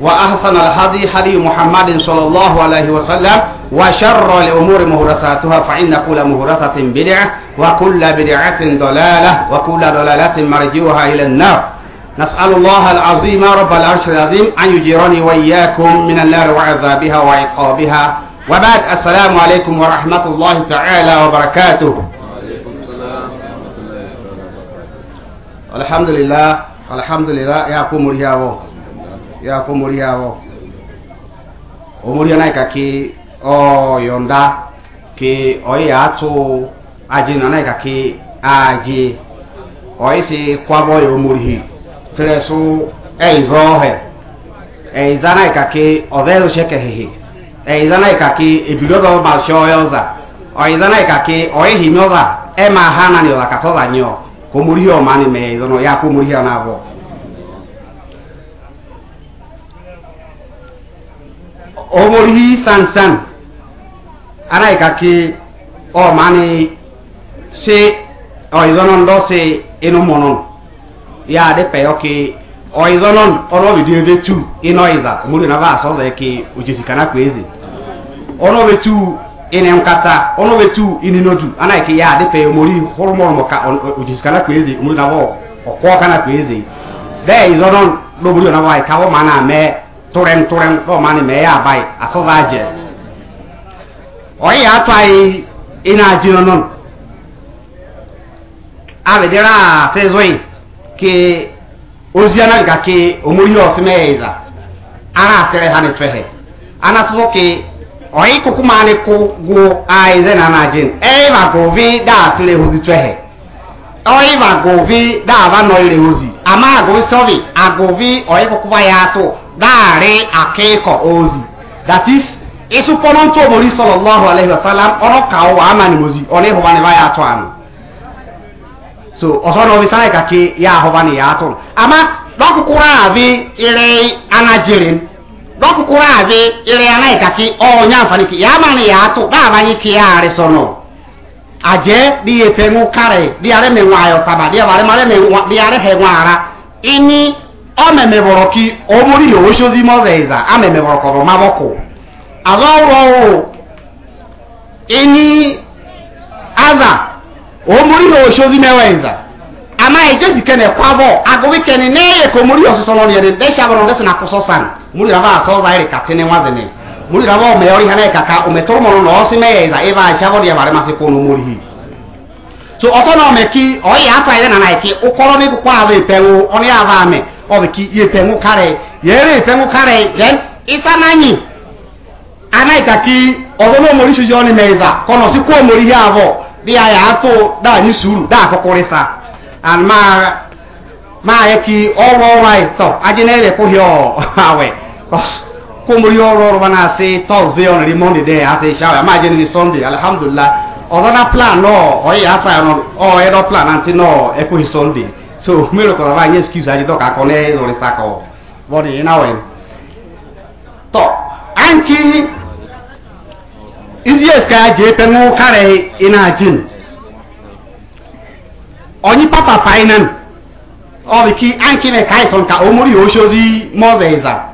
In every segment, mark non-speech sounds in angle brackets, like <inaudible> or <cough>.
وأحسن الهدي هدي محمد صلى الله عليه وسلم وشر الأمور مهرساتها فإن كل مهرسة بدعة وكل بدعة ضلالة وكل ضلالة مرجوها إلى النار نسأل الله العظيم رب العرش العظيم أن يجيرني وإياكم من النار وعذابها وعقابها وبعد السلام عليكم ورحمة الله تعالى وبركاته وعليكم السلام ورحمة الله وبركاته الحمد لله الحمد لله يا قوم ya fo mori yawo o oh. oh, mori yana ka o oh, yonda ki o ya aji na na ki aji Oi si kwabo yo mori hi tere so e izo he e izana ka ke o vero sheke he e izana ka ke ebigo ma sho yoza o izana ka ke o ehi nyoza e ma hana ni la ka da nyo ko mori mani me izo no ya ko mori bo omorihi sansan arai kaki o mani o izonon do monon ya de pe oki o izonon ono tu ino iza na va so ki ojesi kana kwezi ono be tu ine ono tu ini nodu ki ya de pe omori hormo mo ka kana kwezi muri na vo kana kwezi de izonon do na turen turen ko mani me ya bai aso zaje o ya tai ina jino non ave dira tezoi ke oziana ga ke omuri osmeiza ana tere hani twehe ana so ke oi kukumani ku go aize na najin e ba go vi da tule huzi twehe oiva govi dava noile ozi ama govisovi agovi oiva kuvayato dari akeko ozi that is isupono ntu omori sallallahu alaihi wasallam ono kawo amani ozi ono ihubani vayato anu so ọsọ na obi sáyẹ kake ya ahubani ya atọ ama dọkụkụrụ avi ire anajirin dọkụkụrụ avi ire anayi kake ọ onye amfani ya amani ya atọ dava anyị ke ya arịsọ nọ aje di ye kare di are me wayo taba di are mare me di are he wara ini o me boroki o mori yo shozi mo veza a me boroko ma boko azo ini o mori yo shozi me veza ama eje dikene kwabo agobi kene ne ye ko mori yo ye de de kusosan muri so za muri rabo umeori hana kaka umetoro mono no sime za eva shavo dia bare masi kono muri hi so oto no me ki oyi apa ile na na ki ukoro mi kwa ave pewo oni ava me o ki ye pengu kare yere pengu kare then isa nanyi ana ikaki odono muri shujo ni meza kono si kwa muri hi avo dia ya ato da ni suru da kokoresa and ma ma yeki all right so ajinere ko hio <laughs> awe komori ọrọrọ bana se tọọsidee ọna ri mọndi dẹ ase ṣawa maa jẹ nini Alhamdulillah. alihamudulila ọdọna plan nọ ọyẹ asa yọ ọ ẹdọ plan nanti nọ ẹkọ yi sọndi so mmiri kọlọ baa nye excuse ayi dọ kakọ ne lori sakọ bọdi yina wẹ tọ anki izies ka je pẹnu kare ina jin ọnyi papa painan ọbi ki anki ne kaisọn ka omori oṣozi mọzẹ iza.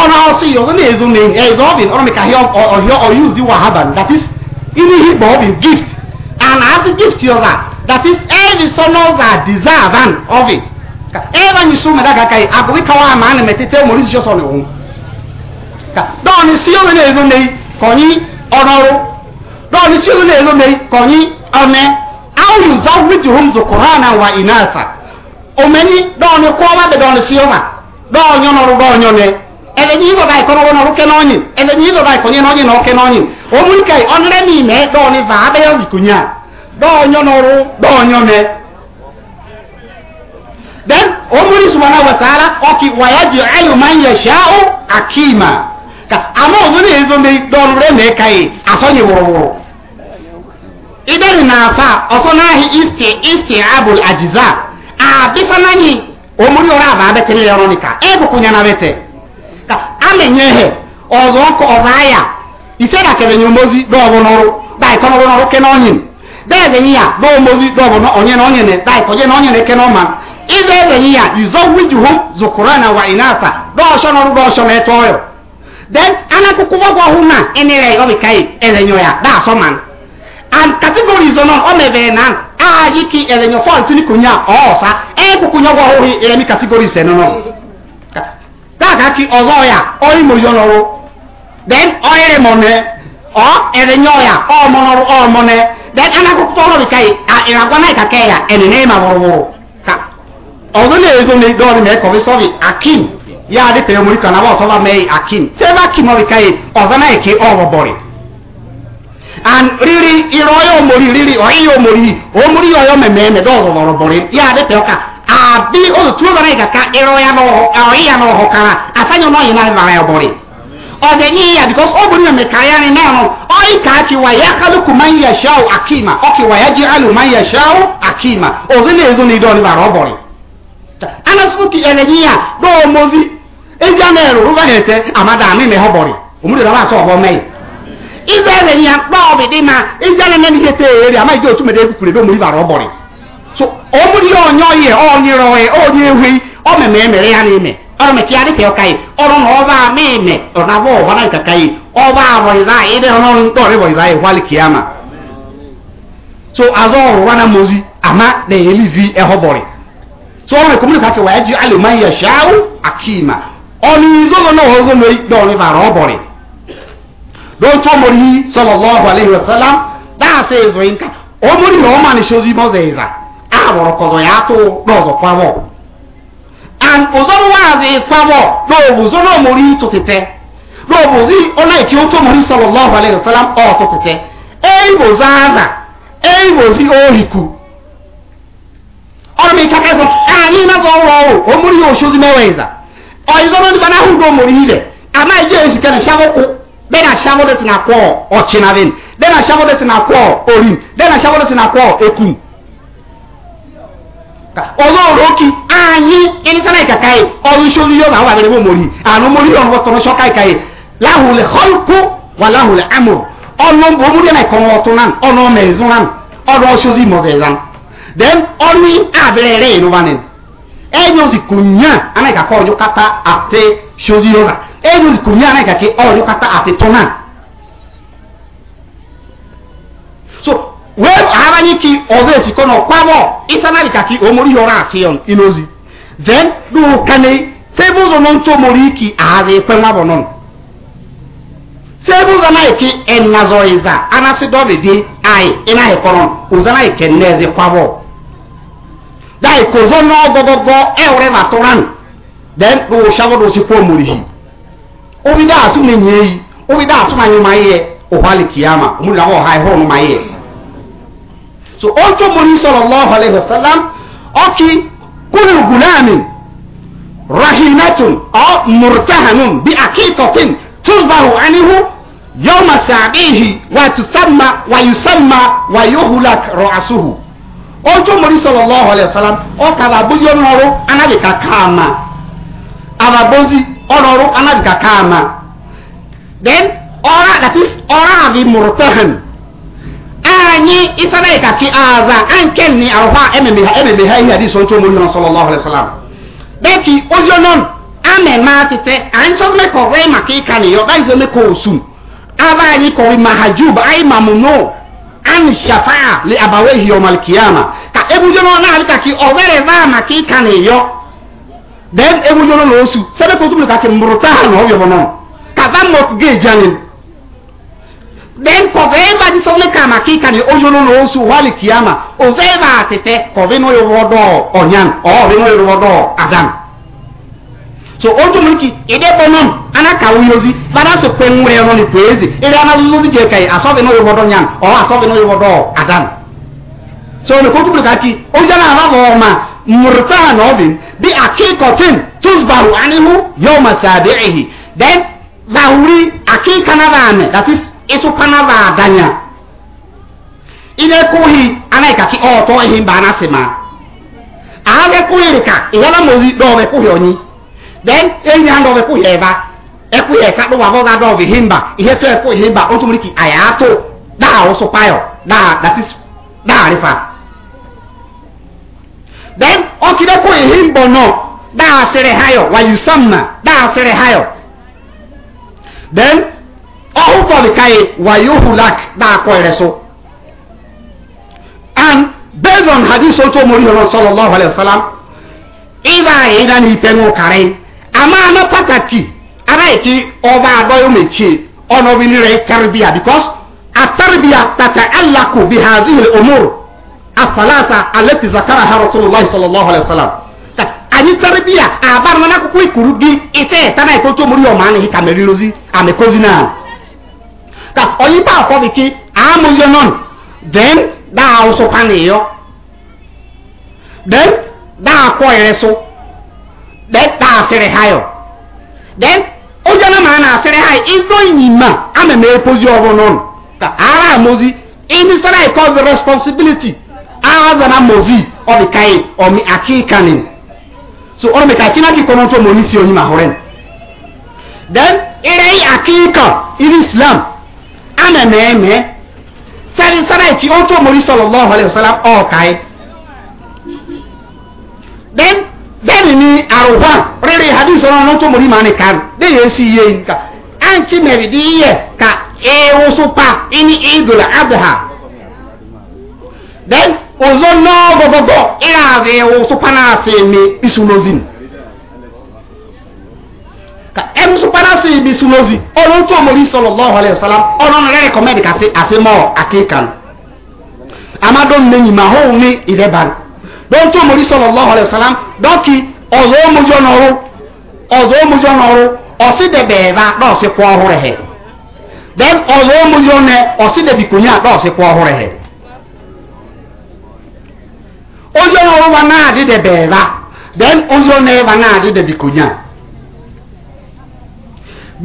ọ̀nà ọ̀sìn yìí na èzó ní ẹ̀zọ́ ọ̀bìn ọ̀nà nìka ọ̀hìọ́ ọ̀yúzi wà haban that is inú ihe bọ̀ ọbịa gift and as gift yọ̀za that is every son deserve an ọbịa ka sọ mẹ́ta kàkà yìí àgùbí káwá na ka na sí ọ̀nà èzó ní kọ̀nyí ọ̀nọ́rú dọ́ọ̀ni sí ọ̀nà èzó ní kọ̀nyí ọ̀nẹ́ awùzá wíjìhùm zùkúránà wà ìnáàsà òmẹ́ni ele nyi go dai ko wono ruke no nyi ele nyi go dai ko nyi no nyi ke no nyi o muri kai onre mi me do ni va be yo kunya do nyo no ru do nyo me then omuli muri subhanahu wa ta'ala o ki wa yaj'alu man yasha'u akima ka ama o ni ezo me do re me kai aso nyi idari na afa oso na hi isti isti abul ajiza a bisana nyi o muri ora ba be tele yoro ni e kunya na bete ka amenye ihe ọzọ ọkụ ọzọ aya ise na kere nye omozi dọọbụ n'ọrụ daịkọ n'ọrụ n'ọrụ ke n'ọnyị ya dọọ dọọbụ nye n'ọnyẹ nẹ ke n'ọma ịzọ ya yuzọ wiju hụ zokoro na wa dọọsọ n'ọrụ dọọsọ na ẹtọ ọyọ then anakụkụ ọgwụ ọhụ na ọbịka e ya daasọ ma and categories ọ mebere na nye kakaki ọzọ ya ọrị mojonọrụ then ọrịrị mọne ọ erenye ọya ọmọnọrụ ọmọne then anakụkụta ọrụ ka ịragwa na ịkaka ya enene ma wụrụwụrụ ka ọzọ na-ezo na ịdọrị ma ịkọrị sọrị akim ya dị ka emuri ka naba ọsọba mee akim sebe akim ọrị ka ọzọ na eke ọrọbọrị and riri ịrọ ya omori riri ọyị ya omori omori ya ọyọ meme eme dọzọ ọrọbọrị ya dị ka ọka abi o tu na ga ka ero ya no o ya no ho kana asanyo no yina na ya bori o de ni ya because o bori me ka ya ni na no o i ka ti wa ya khaluku man yashau akima o ki wa yaj'alu man yashau akima o ze le zo ni do ni ba ro bori ana su ki elenia do mozi e ja na ero ru ba hete amada mi me ho bori o mu de ba so ho mai ibe elenia pa obi di ma e ja na ni hete ere ama je otu me de kukure do mu ba ro bori so omuri onyo ye onyiro ye onye ehwe o meme mere ya n'ime ọrụ mechi adị pịa ọka yi ọrụ na ọba ama eme ọrụ na abụọ ọbara nkaka yi ọba abọịza ịdị ọrụ ntọrị bọịza yi e hwali kiyama so azọ ọrụ na mozi ama na elivi ẹhọbọrị e so ọrụ ekomuni kake wa eji alụmaghị ya shaw akima ọnụ izọlọ na ọzọ na ikpe ọrụ bara ọbọrị dọtụ ọmọrị sọlọlọ ọhụ alaihi wasalam daasị ezoghị nka ọmọrị na ọma na shozi mọza ịza awọrọ kọzọ ya atụ n'ọzọ kwabọ and ụzọrọ waazi kwabọ n'obu zọ n'omori tụtete n'obu zi ọla eke otu omori sọlọlọhụ alaihi wasalam ọ tụtete eibo zaza eibo zi ohiku ọrụ m ike kẹsọ anyị nazọ ọrụ ọrụ omori ya oshozi mewe ịza ọyịzọrọ ndị bana ahụ n'omori ile anaghị je ezike na shabụkwụ then ashamode tina kwọ ọchịnavin then ashamode tina kwọ orin then ashamode tina kwọ ekun ọlọ́run ó kí ààyè ẹnisánà ìkàkà yìí ọrùn iṣẹ́ orí yọ̀ọ̀nà àwọn àbẹ̀rẹ̀ mọ̀ mọ̀rí àrùn mọ̀rí ọ̀rùn wọ́n tọrọ ṣọ́ká ìkà yìí láhùlẹ̀ họ́lùkù wà láhùlẹ̀ amọ̀ ọ̀nà òmùrí ẹ̀nà ìkọ̀rọ̀ ọ̀tún náà ọ̀nà ọmọ ẹ̀zún náà ọ̀rọ̀ ọṣọ́sí mọ̀fẹ̀ rán then ọ̀rùn àbẹ̀rẹ̀ rẹ̀ ìlú wa nìyẹn ẹ̀yọ́ sì kò yàn àná ìkàkọ́ ọ̀yọ́ kátà àti ṣọ́sí yọ̀ọ̀nà ẹ̀yọ́ sì kò yàn àná ìkàkẹ́ ọ̀yọ́ kátà àti tọ́nà wee aranyi ki ọzọ esikọ na ọkpamọ isanari kaki omori yọrọ asị yọn inozi then do kane ụzọ no nto mori ki aze ekwe nwa bonon sebuzo na eki enazo iza anasi dobe di ai ina ekoron uza na eke neze kwabo da ikozo na ogogogo ewre maturan then do shago do sikwo mori hi obi da asu ne nyeyi obi da asu na nyuma ye ohali kiyama omuri na ho hai ho ma ye so ó ń tó mo ní sallallahu alayhi wa sallam ọkì kúlù gùlámì rahimatun ọ murtahanun bí akíkọtin túbàrù anihu yọma sàbíhi wà tùsàmà wà yùsàmà wà yóhùlà rọ̀àsùhù ó ń tó mo ní sallallahu alayhi wa sallam ọkàlà abúlé ọ̀nọ́rọ̀ anábìkà káàmà àbàbọ́sí ọ̀nọ́rọ̀ anábìkà káàmà then ọ̀rá that is ọ̀rá àbí murtahan anyi isana yi kaki aza anken ni arha ememe ha ememe ha ihadi so nto muri sallallahu alaihi wasallam beki ojo non ame ma tete anso me ko re ma ki kan yo ba zo me ko osu aba anyi ko ri mahajub ai mamuno an shafa'a li abawehi yawm al-qiyama ka ebujo non na ali kaki ogere ba ma ki kan yo then ebujo non osu sebe ko tu ka ke murta ha no yo bonon ka ba mot ge janin den kɔfɛ ba di sɔgɔlɛ kama k'i ka ni ojoro na osu wali kiyama o fɛ b'a ti fɛ kɔfɛ n'o ye rɔ dɔ ɔnyan ɔɔbi n'o ye rɔ dɔ adam so ojoro ki ide bɔnɔn ana ka wuyozi bana so pɛnwere yɔrɔ ni poezi ede ana zuzuzi jɛ kayi asɔbi n'o ye rɔ dɔ nyan ɔɔ asɔbi n'o ye rɔ dɔ adam so ne kotu ka ki ojoro na ba bɔ ɔma murta na ɔbi bi akekɔtin tusbaru anihu yɔma saabiɛhi then bawuri akeka na ba amɛ that is ịsụkwana va adanya ilekuhi anaikaki ọtọ ihe mba anasị ma ahagekuhiri ka ịhọla mozi dọọbekuhi onyi then enyi ha dọọbekuhi eva ekuhi ekakpọ wavọ ga dọọbi ihe mba ihe tọ ekwu ihe mba otu mriki aya atụ daa ụsụkpayọ daa datis daa rifa then ọkidekuhi ihe mbọ nọ daa asịrị hayọ wayusamna daa asịrị hayọ den. ọhụ tọlikaye wayohulak na-akọ ereso and based on hadith otu omori hụrụ sallallahu alaihi wasallam ịba anyị ịda n'ipe n'ụkarị ama anọ pataki anaghịchi ọba adọghị mechie ọnọbinire tarbiya because atarbiya tata'allaku bi hadhihi al-umur asalata allati zakaraha rasulullah sallallahu alaihi wasallam anyị tarbiya abar mana akwụkwọ ikuru gị ite etana ite otu omori ọma anaghị ka merirozi amekozi naanị ka oyi ta ko biki amu yo non then da o so pani yo then da ko ere so then da sere hayo then o jana ma na sere hayo izo yima ame me pozi obo non ka ara mozi any sara ko the responsibility ara zana mozi o bi kai e, o mi akikanin so ọ̀rọ̀ mi kàkí náà kí kọ́nà tó mọ̀ ní sí oyin màhórẹ́ni then eré akíkà ìrí islam ana mɛɛmɛ sari sara ekyi o tó mori sɔlɔ lɔɔre wale sara ɔɔkae Then, bɛn ni aruwa rere hadisi ɔrɔn n'o tó mori maa ni kan de yɛ si yie yi ka anti mɛri di yɛ ka ewoso pa ɛni idola adaha den ozɔ nɔɔ gbɔgbɔgbɔ ɛyà ewoso pa na se mi isulozin ka ẹnu sọ padà sí ibi sunozi ọlọ́run tó mọ̀rí sallallahu alaihi wasallam ọlọ́run rẹ̀ kọ́mẹ́dì kàti àfimọ́ àkíkan amadu nìyín máa hó ní ìdẹ́bàn lọ́run tó mọ̀rí sallallahu alaihi wasallam dọ́kì ọ̀zọ́ omujọ́ nọ̀rọ̀ ọ̀zọ́ omujọ́ nọ̀rọ̀ ọ̀sídẹ̀bẹ̀ẹ̀bà dọ́ọ̀sì pọ̀ ọ̀húrẹ̀ hẹ̀ then ọ̀zọ́ omujọ́ nẹ ọ̀sídẹ̀bìkùnyà dọ́ọ̀sì pọ̀ ọ̀húrẹ̀ hẹ̀ ojọ́ nọ̀rọ̀ wa náà dídẹ̀bẹ̀ẹ̀bà then ojọ́ nẹ wa náà dídẹ̀bìkùnyà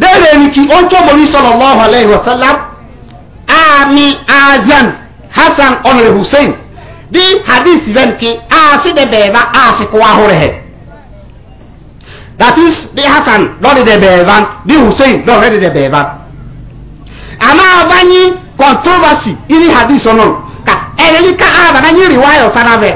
bẹ́ẹ̀rẹ̀ ni kí ó ń tó borí sallallahu alayhi wa sallam àmì azan hasan ọ̀nàrẹ̀ hussein bí hadith rẹ̀ kí a sì dẹ̀ bẹ̀ẹ̀ bá a sì kó ahọ́rẹ̀ hẹ̀ that is bí hasan lọ́dẹ̀ dẹ̀ bẹ̀ẹ̀ bá bí hussein lọ́dẹ̀ dẹ̀ bẹ̀ẹ̀ bá. àmọ́ abáyín controversy ní hadith ọ̀nà ká ẹ̀rẹ́ ní ká àbàdàn yín rìwáyọ̀ sára bẹ́ẹ̀.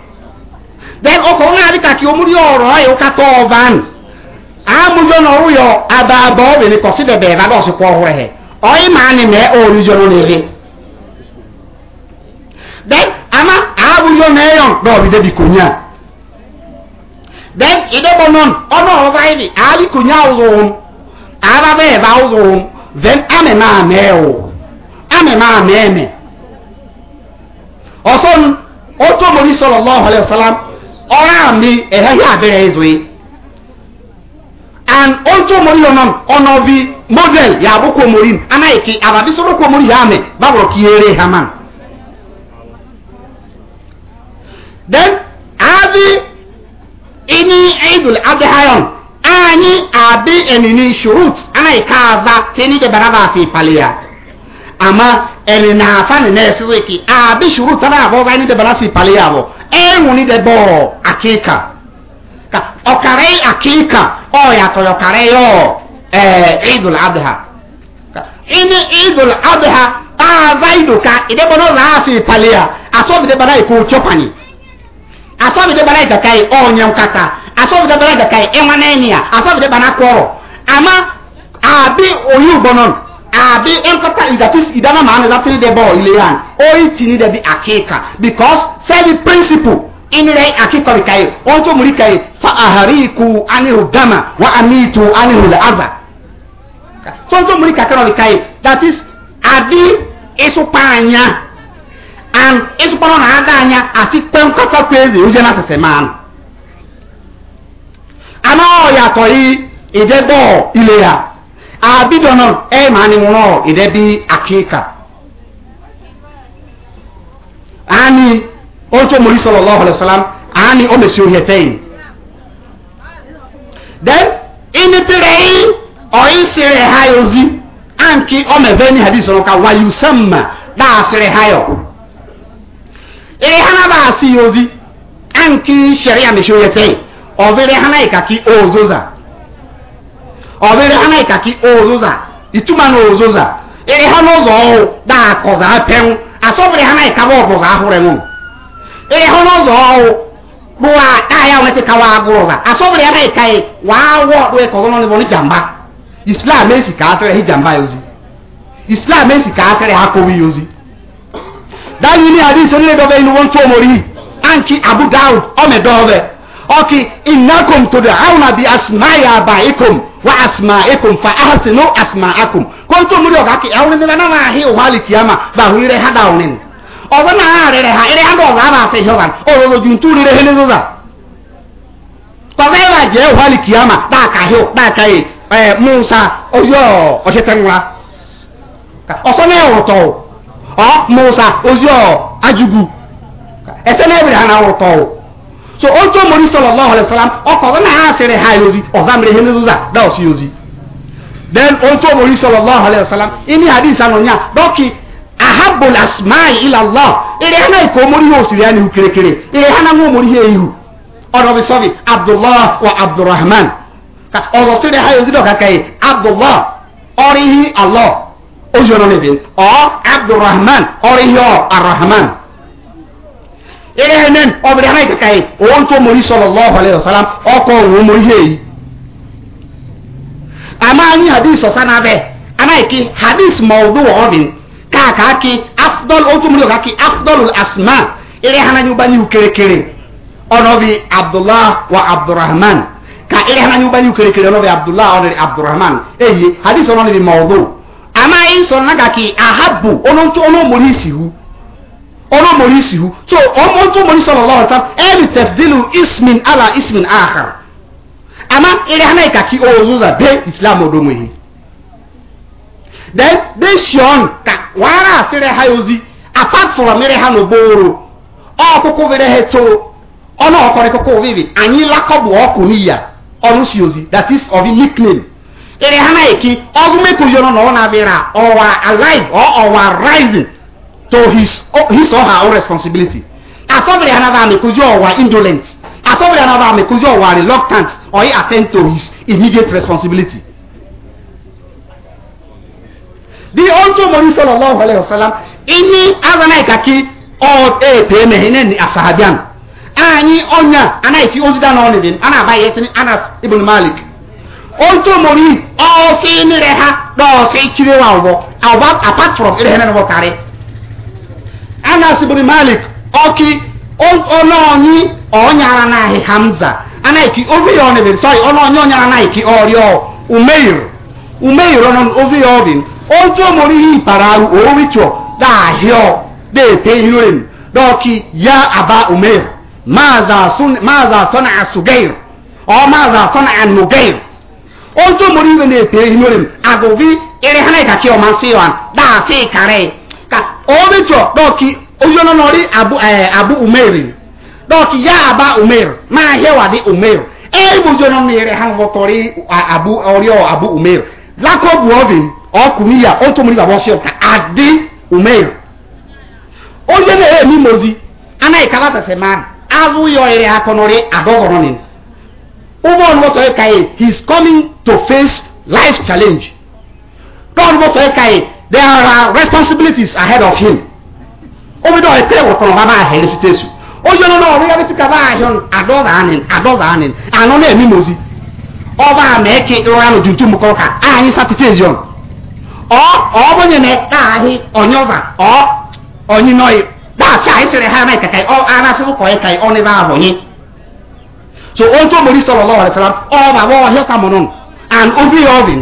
then ọkọ̀ wọn àrí kàkí omúrí ọ̀rọ̀ ayé ó kàtọ́ ọ̀van àmúyọ́nà ọ̀rúyọ̀ àbàbọ̀ obìnrin kọ̀ sí bẹ̀bẹ̀ ìbàdàn ọ̀sìnkú ọ̀hún rẹ̀ ọ̀yìn máa ní then àmà àmúyọ́nà ẹ̀yọ̀n lọ́ọ̀bì débi kò nyà then ìdẹ́bọ̀ náà ọ̀nà kunya then ora amị ẹ̀hẹ́ abịrị ezu ẹ̀zọ́ and otu omori ọ̀nà ọ̀nà bi model yà abúkọ omori anáyèké àbàbí sọ́dọ̀kọ omori yà mẹ́ báwọ̀ kí eré hama then àbí ẹni ẹ̀dùn adéhayọ̀n ààyè àbí ẹ̀nìní ṣùrùt anáyèká àzá tẹ́ni jẹ́ bàrà bá fi ya ama àmà na àfa nìyẹn na-esizi àbí ṣùrùt tẹ́lẹ̀ àbọ̀ ọ̀gá ẹni jẹ́ bàrà fi ìpàlẹ̀ ya bọ̀. ẹ̀wùn ní bọ̀ àkíkà ọ̀kàrẹ́ àkíkà ọ̀yàtọ̀ ọ̀kàrẹ́ yọ ẹ̀ẹ́dùn adìhà ini idul adha azaidu ka ide bono zaasi palia aso bide bana iku chopani aso bide bana ita kai onyam nkata, asọbide bide bana ita kai emanenia aso bide bana koro ama abi oyu bonon abi nkata idatis idana maana zatiri de bɔ ile yan ori tini de bi akeka because sɛbi principle inire akeka bi kaye wɔn tó muri kaye fa ahariku anihu dama wa amitu anihu la aza wɔn tó muri kakra bi kaye that is adi esupanya and esupanya na ada ati pɛ nkata kwezi oye na sese maa no ana ɔyatɔ yi idebɔ ile yan abidɔnɔ ɛyɛ maa ni ŋunɔ ɛdɛ bi akeka ani oto mori sɔlɔlɔhu alayhi salam ani o mesi ohiɛ tɛyi then inipire yi ɔyi sere ha yozi anki ɔmɛ vɛ ni hadith sɔrɔ ka wayu sama daa sere ha yɔ ere hana baa si yozi anki sariya mesi ohiɛ tɛyi ɔvere hana yi kaki ozoza ọ̀bẹ̀rẹ̀ anáìka kí òòzóza ìtumà ní òòzóza èrè ha n'ụzọ ọhụụ dàkọ̀zà apẹ̀wù asọ́bìrì ha náà kaba ọ̀bọ̀zà ahụrụ ẹ̀wọ̀n èrè ha n'ụzọ ọhụụ kpụwa káyà wọn ti kawa agụrọ̀zà asọ́bìrì ha náà ka yẹ wàá wọ ọ̀dọ̀ ẹ̀kọ́ ọ̀nà níbo ní jàmbá islam èsì kàátẹ́rẹ̀ hí jàmbá yóò zi islam èsì kàátẹ́rẹ̀ ha kọ́wé yóò zi dáyìí ní àdìsí onílẹ̀dọ́bẹ̀ inú wọn tó mọ̀rí àǹkí abu daud ọmọdọ́ọ̀bẹ̀ ọkì ìnákòm tó dẹ̀ àwọn àbí asùnmáyà àbá ikòm wa asmaikum fa ahsinu asmaakum ko to muri o ka ki awni na na hi o hali kiyama ba hu ire hada onin o ba na re re ha ire hada ga ba se hogan o ro jun tu re hele zo za ko ga ba je o hali kiyama da ka hi o da ka yi eh musa o yo o se tanwa o so na o to o musa o yo ajugu e se na bi ha na o to so ojú omori sallallahu alaihi wasallam ọkọ̀ ọ̀gá náà àṣẹrẹ̀ ha yozi ọ̀gá mìíràn hẹ́ni zúzà dáwọ̀ sí yozi then ojú omori sallallahu alaihi wasallam ini hadith anu nya dọ́kì ahabul asma'i ila Allah ire hana ikọ̀ omori yóò sì rí ẹni kérékéré ire hana ń omori yẹ ihu ọ̀rọ̀ bí sọ́fi abdullah wa abdulrahman ọ̀rọ̀ sí rẹ̀ ha yozi dọ̀ka kẹ́yì abdullah ọ̀rìhì Allah ojú ọ̀rọ̀ níbi ọ̀ abdulrahman ọ̀rìhì ọ̀ arrahman ẹ̀ẹ́nẹ́n ọ̀bẹ̀rẹ̀ hàn kàkà yìí òun tó mọ̀rí sọ̀rọ̀ lọ́wọ́ ọ̀lẹ́ ọ̀sálám ọkọ̀ òun mọ̀rí yé yìí. àmọ́ anyi hadith ọ̀sán náà bẹ́ẹ̀ anáìkí hadith mọ̀ọ́dún wọ̀ ọ́bìn káàkiri afdol ó tó mọ̀rí ọ̀kàkiri afdol asma ẹ̀rẹ́ hàn ányú bá yíw kérékéré ọ̀nọ́bi abdullah wa abdulrahman ka ẹ̀rẹ́ hàn ányú bá yíw kérékéré ọ̀nọ́bi abdullah ọ̀nọ́bi abdulrahman èyí hadith ọ̀nọ́bi mọ̀ọ́dún àmọ́ ayé sọ̀rọ̀ náà kàkiri ahabu ọ̀nọ́ ọlọ́mọrí isi hụ so ọmọ tó mọ̀rí sọ̀rọ̀ lọ́wọ́ tán ẹni tẹ̀sílù ismin ala ismin ahar àmọ́ eré hánà ìkàkí oòrùn zà dé islam ọdọmọ yìí then they ṣeun ka wàhálà àfẹ́rẹ́ ha ozi apart from mẹ́rẹ́ ha nà ọkụkụ ọ̀kúkú ha tó ọnụ ọkọrọ kókó fẹ́rẹ́ ànyí lákọ̀bù ọ̀kù níyà ọ̀run sì ozi that is of a nickname eré hánà ìkí ọdún mẹ́kọ̀ọ́ yọ̀nà ọ̀wọ́ nà bẹ̀rẹ̀ ọ̀wà alive ọ ọ̀wà rising to his, oh, his or her own responsibility. As somebody another may cause you are indolent. As somebody another may cause you are reluctant or he attend to his immediate responsibility. The also Mori sallallahu alayhi wa sallam ini azana ikaki or e peme hene ni asahabian. Anyi onya ana ifi ozida na onibin ana abaye Anas ibn Malik. Onto Mori o se ni reha do se chire wa obo. Apart from ire hene no kare. anas bin malik ọkị ọnọnyi ọnyara na ahị hamza anaiki ovi ya ọnebere sorry ọnọnyi ọnyara na ahị ọrịọ umeir umeir ọnọ ovi ya ọbin ojú omori ihe ìpara aru oríṣọ dáhíọ déèpé irin dọ́ọ̀kì ya aba umeir máàzà na àsùgẹ́ir ọ máàzà sọ́nà ànùgẹ́ir ojú omori iwe na-èpé irin agùnvi eré hánà ìkàkí ọmọ sí wa dáàfin kàrẹ́ẹ̀. omecho dọki oyono nori abu eh, abu ya aba umeir ma hewa di umeir e eh, bu yono nire han hotori abu orio abu umeir lako buobi okumi ya onto muri babo sio ka adi umeir oyene e eh, mozi ana ikala ta sema azu yo ire akonori adogo nonin coming to face life challenge don mo there are uh, responsibilities ahead of him obido ekele wọtọrọ ha baa hele sute su onye nọ n'ọrụ ya metụta baa ahịọ adọza anị adọza anị anọ na-eme n'ozi ọba ama eke ịrụra nụ tuntum mụkọ ka anyị satitezion ọ ọ bụnye na ahị onye ọza ọ onye nọghị daachị anyị sịrị ha na ịkakai ọ anasị ụkọ ịkai ọ n'ebe ahụ onye so otu omori sọlọ lọrịsara ọ bụ abụọ ọhịa tamụrụ and obi ya ọbịn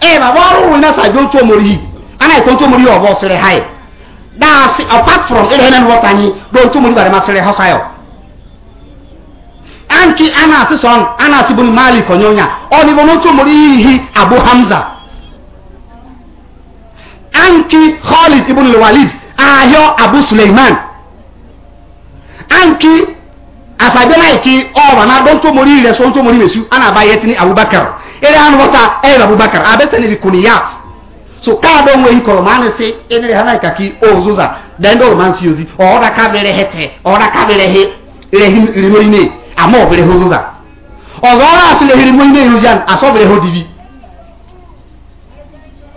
e ma wa ru na sa yi to mori ana ko to mori obo sere hai da apart from ele na wo tani do to mori bare ma sere ho sayo anki ana si son ana si bun mali ko a ọ ni wono to mori hi abu hamza anki khalid ibn ibu walid ahyo abu sulaiman anki asabe na iki ọba na don to mori ire so to mori mesu ana ba yetini abubakar ere anu wata ere abubakar abese ni vikuniyat so kaado ŋo yi kɔrɔ maa ni se enere hana kaki ozuza den do man si ozi ɔɔda ka bere hete ɔɔda ka bere he rehi rimoine ama ɔbere hozuza ɔzɔɔra aso lehi rimoine yojan aso bere ho divi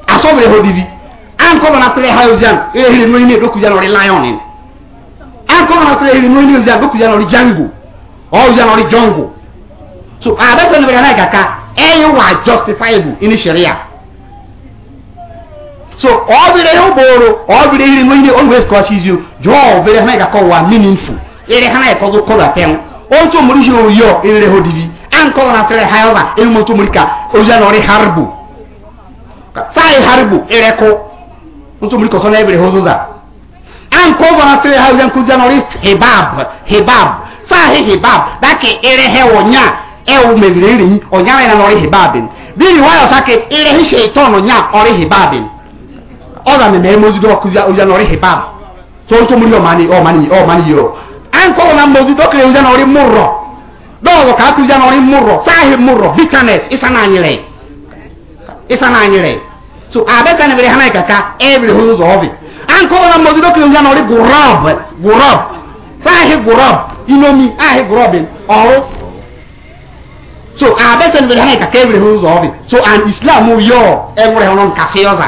aso bere ho divi ankɔlɔ na sere ha yojan rehi rimoine dokujan ɔri lion ni ankɔlɔ na sere rehi rimoine yojan dokujan ɔri jango ɔɔjan ɔri jongo so abese ni bere hana kaka ɛyɛ wa justifiable ini sharia so ɔbɛrɛ yɛ ɔbɔɔrɔ ɔbɛrɛ yiri no yiri always crosses you jɔɔ ɔbɛrɛ hana kakɔ wa meaningful ɛrɛ hana yɛ kɔdɔ kɔdɔ atɛn ɔn tó mori yɛ oyɔ ɛrɛ hɔ dibi an kɔdɔ na fɛrɛ ha yɔba ɛrɛ mɔ tó mori ka ɔyɛ na ɔre haribo saa yɛ haribo ɛrɛ kɔ ɔn tó mori kɔsɔ na ɛrɛ hɔ zɔza an kɔdɔ na fɛrɛ ha yɔba ɛrɛ kɔdɔ na ɔre hibab hibab saa yɛ hibab dake ɛrɛ hɛ wɔ nyaa ewu meziriri yi onyara ya na ọrị hibabin biri wayọ sake ire hishe iton onya ọrị hibabin ọza meme emozido ọkụzi ozi na ọrị hibab so nso muri ọmani ọmani ọmani yoro ankọrọ na mmozido kere ozi na ọrị mụrọ dọọzọ ka akụzi na ọrị mụrọ sahi mụrọ bitterness isa na anyịrị isa na anyịrị so abeta na bere ha na ikaka ebiri hụ ụzọ ọbị ankọrọ na mmozido kere ozi na ọrị gụrọb gụrọb sahi gụrọb inomi ahi gụrọbin ọrụ so abẹ́sẹ̀ nìbẹ̀rẹ̀ hàn kàkẹ́ ìbẹ̀rẹ̀ hàn zọ́ọ̀bì so and islam yọ ẹ̀wọ̀rẹ̀ hàn kàfẹ́ ọ̀zà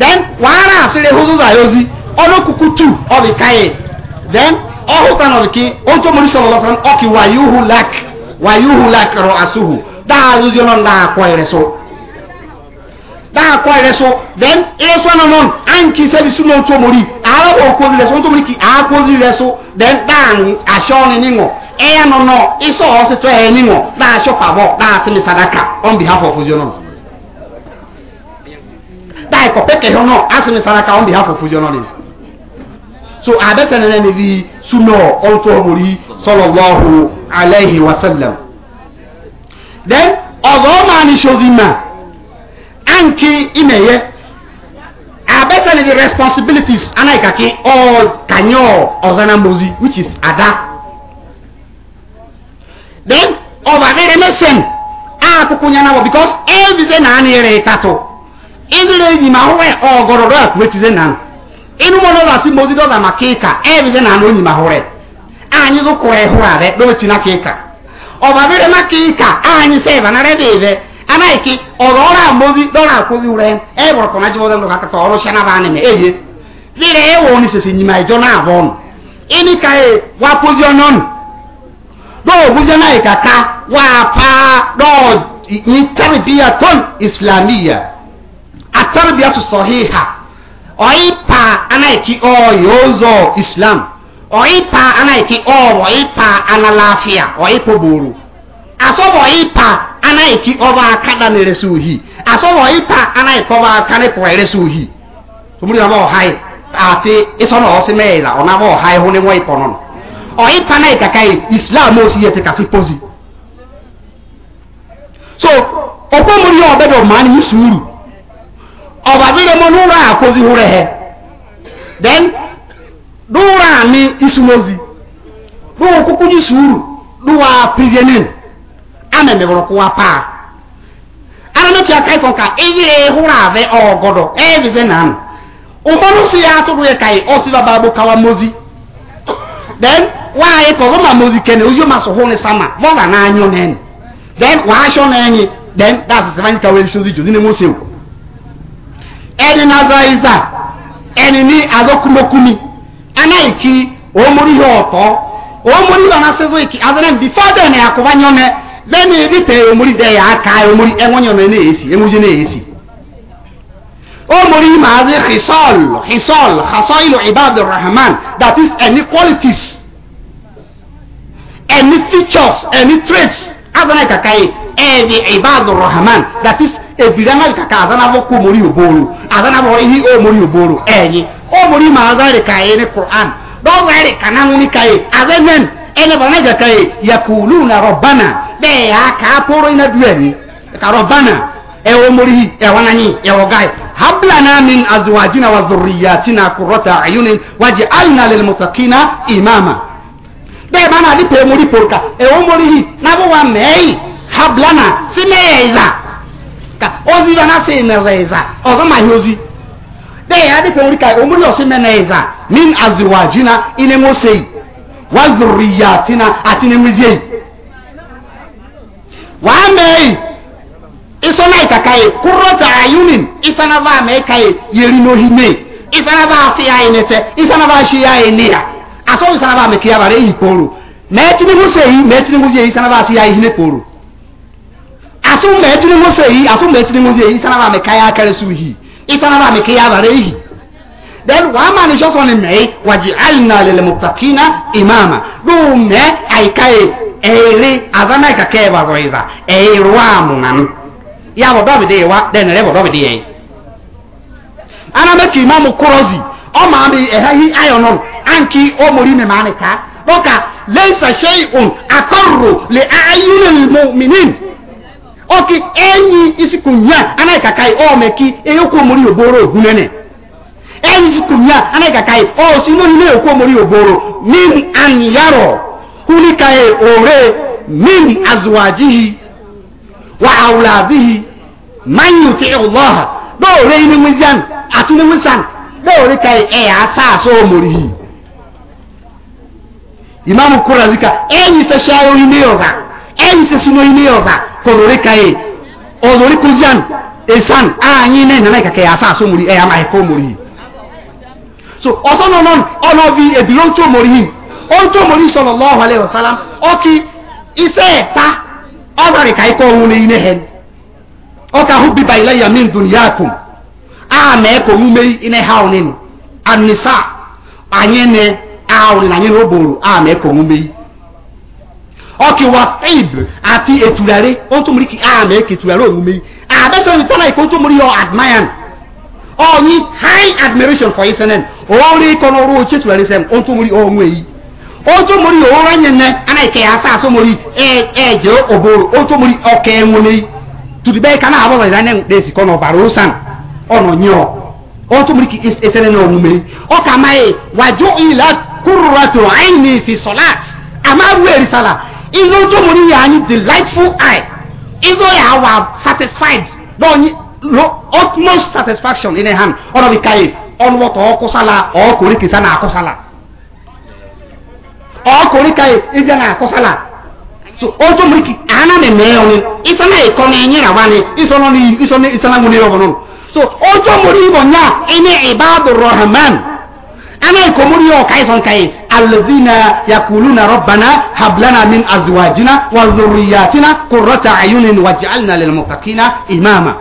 then wàhálà àfẹ́rẹ́ hàn zọ́ọ̀zà yóò zi ọlọ́kùkù tù ọ̀bì káyè then ọ̀hùtà nà ọ̀bìkí ojú omi sọ̀rọ̀ lọ́kàn ọ̀kì wàyúhù lák wàyúhù lák rọ̀ àsùhù dáa zózi ọ̀nà dáa kọ́ ẹ̀rẹ̀ so dáa kọ́ ẹ̀rẹ̀ so then ẹ̀rẹ̀ so ọ̀nà náà à ń kí sẹ́bi sínú ojú omi rí àárọ̀ òkú rẹ̀ so ojú omi rí kí àákó rẹ̀ so then dáa àṣọ ọ̀nà níwọ̀n ɛyɛ no no isɛ ɔwɔ se tɔ ɛyɛ ni mo daa hyɛ pabɔ daa se mi sadaka on behalf of fujo e no daa ɛkɔpɛ kɛhɛ no ase mi sadaka on behalf of fujo no ni so abɛsɛ nana mi bi sunɔ ɔntɔ mori sɔlɔlɔhu alayhi wa sallam then ɔzɔ maa ni sozi ma anki imɛyɛ abɛsɛ ni bi responsibilities ana ikake ɔɔ kanyɔ ɔzana mozi which is ada then ọbabere mesen akukunyanawo because ebize nanire etato ezere enyima hore ọgọrọrọ akwetize na enumọdọ lati mozido na makika ebize na onyima hore anyị zụkọ ehu are dochi na kika ọbabere makika anyị seba na redeve anaghịkị ọrọ ọrụ amozi dọrọ akwụzi ure ebọrọ kọ na jibọdọ ndụ kakata ọrụ shanaba anime ehe lere ewo onisesi nyima ijọ na abọ ọnụ ịnị ka e wapụzi ọnụ ọnụ dɔwɔbuja n'a ye ka wa waa paa dɔw ni taribiya tɔn isilamiya a taribiya tu sɔhi ha ɔyi paa ana yi ki ɔ yozɔ islam ɔyi paa ana yi ki ɔɔrɔ ɔyi ana laafiya ɔyi ko booro asɔbɔ ɔyi paa ana yi ki ɔba akada ne resuhi asɔbɔ ɔyi paa ana yi kɔba akane pɔ resuhi tomuni na bɔ ɔha yi ate esɔnna ɔsi mɛ yi la bɔ yi yi pɔnɔ ọ̀yí paná ìkàkà yìí islam ó sì yẹ ti kàfi pọ́sì so ọkọ mu yọ ọbẹ dọ maa ni sùúrù ọba bílẹ̀ mọ nùrọ̀ àkóso rẹ̀ hẹ then dùrọ̀ àmì ìsúnmọ́sí dùrọ̀ kúkú ní sùúrù dùrọ̀ pírísẹ́nìn àmì mẹ́wọ̀rọ̀ kó wa paa anana tí a ka ìkọ̀ka eyí ehura abẹ ọ̀gọ́dọ̀ ẹ̀ẹ́dì sẹ́ nànú ọmọ nù sí yà á tó do yẹ ká yìí ọ̀ sí bàbá abó káwa then. waayɛ kɔ roma ma ozi kɛnɛ ozi ma so ho ne sama bɔla n'anyɔ n'ɛni then w'ahyɔ n'ɛnyi then that's the seven kawe nso zi jozi ne mo sew ɛni n'azɔ ayiza ɛni ni azɔ kumokumi ɛna eki omori yɛ ɔtɔ omori yɛ ɔna sɛfo eki azɔ n'ɛni before then akɔba nyɔ n'ɛ then ebi tɛ omori dɛ yɛ aka omori ɛŋɔ nyɔ n'ɛ n'esi eŋuzi n'esi omori ma azi hisɔl hisɔl hasɔyilu ibadu rahman that is any qualities. any features any traits azana kaka ye ɛɛbi ibadu rahman that is ebirana kaka azana bɔ ko mori oboro azana bɔ ihi o mori oboro ɛɛye o mori ma azari ka ye ni quran dɔw zari kana ŋuni ka ye azanen ɛnɛ bana kaka ye yakulu na rɔbana bɛɛ y'a kaa poro ina duwɛni ka rɔbana ɛwɔ morihi ɛwɔ nanyi ɛwɔ gai hablana min azuwajina wa zurriyatina kurrata ayunin waje alina lilmutakina imama bẹẹ bá náà dípò emori porka ẹwọn mori hi n'abọ wa mẹẹyi hablana sí mẹyẹ ìzà ka ozi bá náà sí mẹrẹ ìzà ọzọ máa hi ozi bẹẹ yà dípò emori ka omori ọsí mẹnẹ ìzà min aziwajina ilé mọ́sẹ̀yì wà zòrìyàtina àti nìmídìyẹ wà mẹyì isana itakaye kurota ayunin isana ba mẹkaye yeri n'ohi mẹ isana ba afi ya inete isana ba ashi ya eniya asɔn sanaba mi kia bare yi poro mɛ tinubu se yi mɛ tinubu sanaba si ya yi ne poro asɔn mɛ tinubu se yi asɔn mɛ tinubu se yi sanaba mi kaya kɛrɛ su yi isanaba mi kia bare yi then wàá ma ni sɔsɔ ni mɛ yi wàjí alina lele mutakina imama lóò mɛ àyíká yi ɛyẹlé azana yi kakɛ yi wàzɔ yi za ɛyẹ rúwa mùnánú yà bọ̀ dọ́bi de yi wa ọ mi ẹ̀hẹ́ yí ayọ̀ a àǹkí ọmụrụ ime máa taa bọ́kà lẹ́sà ṣe akọrụ àkọ́rò lè ayúlẹ̀ mọ̀ enyi ní. ọkì ẹ̀yìn ìsìnkú yẹn anáìkàkà yìí ọmọ ẹ̀kí ẹ̀yọ́kọ̀ enyi ògbóró ògùn nẹ́nẹ̀ ẹ̀yìn ìsìnkú yẹn anáìkàkà yìí ọ̀sìn mọ́ni ní ẹ̀yọ́kọ̀ ọmọrí ògbóró min àníyàrọ̀ kúlíkà ẹ̀ ọ̀rẹ́ mí àzùwàjìhì lórí ka ẹ̀ àtàṣọ òmòrì yìí ìmáàmù kúrò àzíkà ẹ̀yìn sẹ́sẹ́ orí ilé ọ̀gá ẹ̀yìn sẹ́sẹ́ orí ilé ọ̀gá kò lórí ka ẹ̀ ọ̀lórí kúzíàn ẹ̀sán ààyìn náà nàná ìkàkẹ́ ẹ̀ àtàṣọ òmòrì ẹ̀ àmà ẹ̀kọ́ òmòrì yìí so ọ̀sán ọ̀nà ọ̀nà bí èbìrò tó òmòrì yìí ó tó òmòrì sọ̀rọ̀ lọ́wọ́ alẹ́ ọ̀sálám ọkì iṣẹ́ ẹ̀ta ọ̀nà ìkàkẹ́ òun ní ilé hẹ́n ọkà hùbí bàyìí lẹ́yìn àmì ìdùnnú yá àkùn a ama ka omume ine ha onini anisa anyị ne ahụ na anyị na oboro ama ka omume ọkịwa ib ati etulare otu mụrụ ike ama ka etulare omume abesa ni tana ike otu mụrụ ya admire onyi high admiration for isenen ori iko na oru oche tulare sem otu mụrụ onwe yi otu mụrụ ya ora nye ne ana ike ya asa asụ mụrụ e eje oboro otu mụrụ ọka enwe ne tutu bẹ́ẹ̀ kaná àbọ̀lọ̀ ìdáná ẹ̀ ń pèsè kọ́nà ọ̀nà yẹn ọ ọ tó múlíkì ẹsẹ̀ náà ọ̀nùmẹ́ ọkà máa yẹ wàjú ìlà kúrúratù àìní fi sọ̀lá àmàrú ẹ̀rísàlà ìlú tó múlí yà á ní delightful eye ìlú yà á wà satisfied lọ́ọ̀nyí utmost satisfaction in a hand ọ̀nà bí káyè ọ̀nùwọ̀tọ̀ ọkọ̀sálà ọ̀ọ́kùnrin kìsà náà àkọ́sálà ọ̀ọ́kùnrin káyè ìjẹ́ náà àkọ́sálà so ojo mriki ana me meoni isana ikone nyira bani isono ni isone isana ngune yobono so ojo mori bonya ini ibadur rahman ana ko muri o kai son kai alladhina yaquluna rabbana hab lana min azwajina wa dhurriyyatina qurrata ayunin waj'alna lil muttaqina imama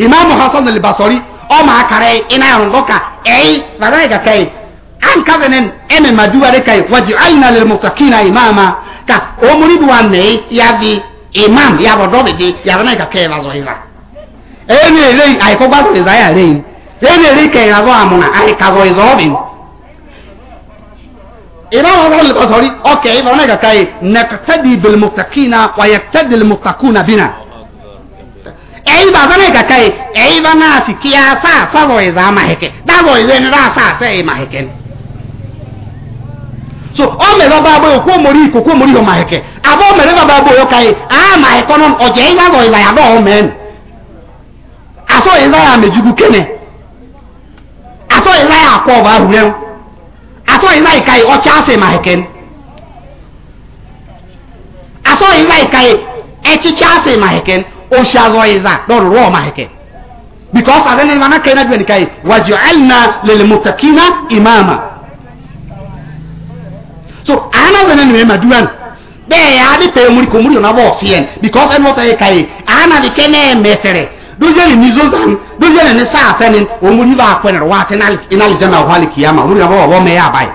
imam hasan al basri o ma kare ina yon doka ei barai ga kai an kazenen eme maduwa de kai waj'alna lil muttaqina imama ka o muri duwan ya yavi imam yabo dobe de ya na ga kai bazo iva eni ere aiko gbaso izaya re eni ere ke irago amuna aikago izobi ina wọn lọ lọ sọrí ọkẹ ìfọwọn náà kàkà yìí nàkàtàdì bẹlẹmọtàkìnà wàyẹtàdì lẹmọtàkùnà bínà ẹyìn bàbá náà kàkà yìí ẹyìn bá náà sì kí a sá sázọ ìzá máa hẹkẹ dázọ ìzá ẹni náà sá sẹ ẹ máa hẹkẹ ni. so ọ mẹrẹ bá bọ òkú òmòrí ìkókó òmòrí yọ máa hẹkẹ àbọ mẹrẹ bá bọ òyọkà yìí àá máa hẹkọ náà ọjà ẹyìn dázọ ìzá yàgbọ ọmọ ẹnu asọ ịzaya mejugu kene asọ ịzaya akwa ọba ahụrụ asọ ịzaya kai ọcha asị ma heken asọ ịzaya kai echichi asị ma heken oshi azọ ịza dọrụrụ ọma heken because adị na ịmana kai na dịbe kai wajualna lelemutakina imama so ana zana ni mema duwan bẹẹ yà á di pẹ omuri kò omuri yọ na bọ ọsí yẹn because ẹni wọ́n tẹ̀ yẹ kai ana di kẹ́ ní ẹ̀ dojeli ni zozan dojeli ni saa fɛnin o muri b'a kpɛnɛ o waati n'ale jɛma o hali kiyama o muri b'a fɔ mɛ y'a ba ye.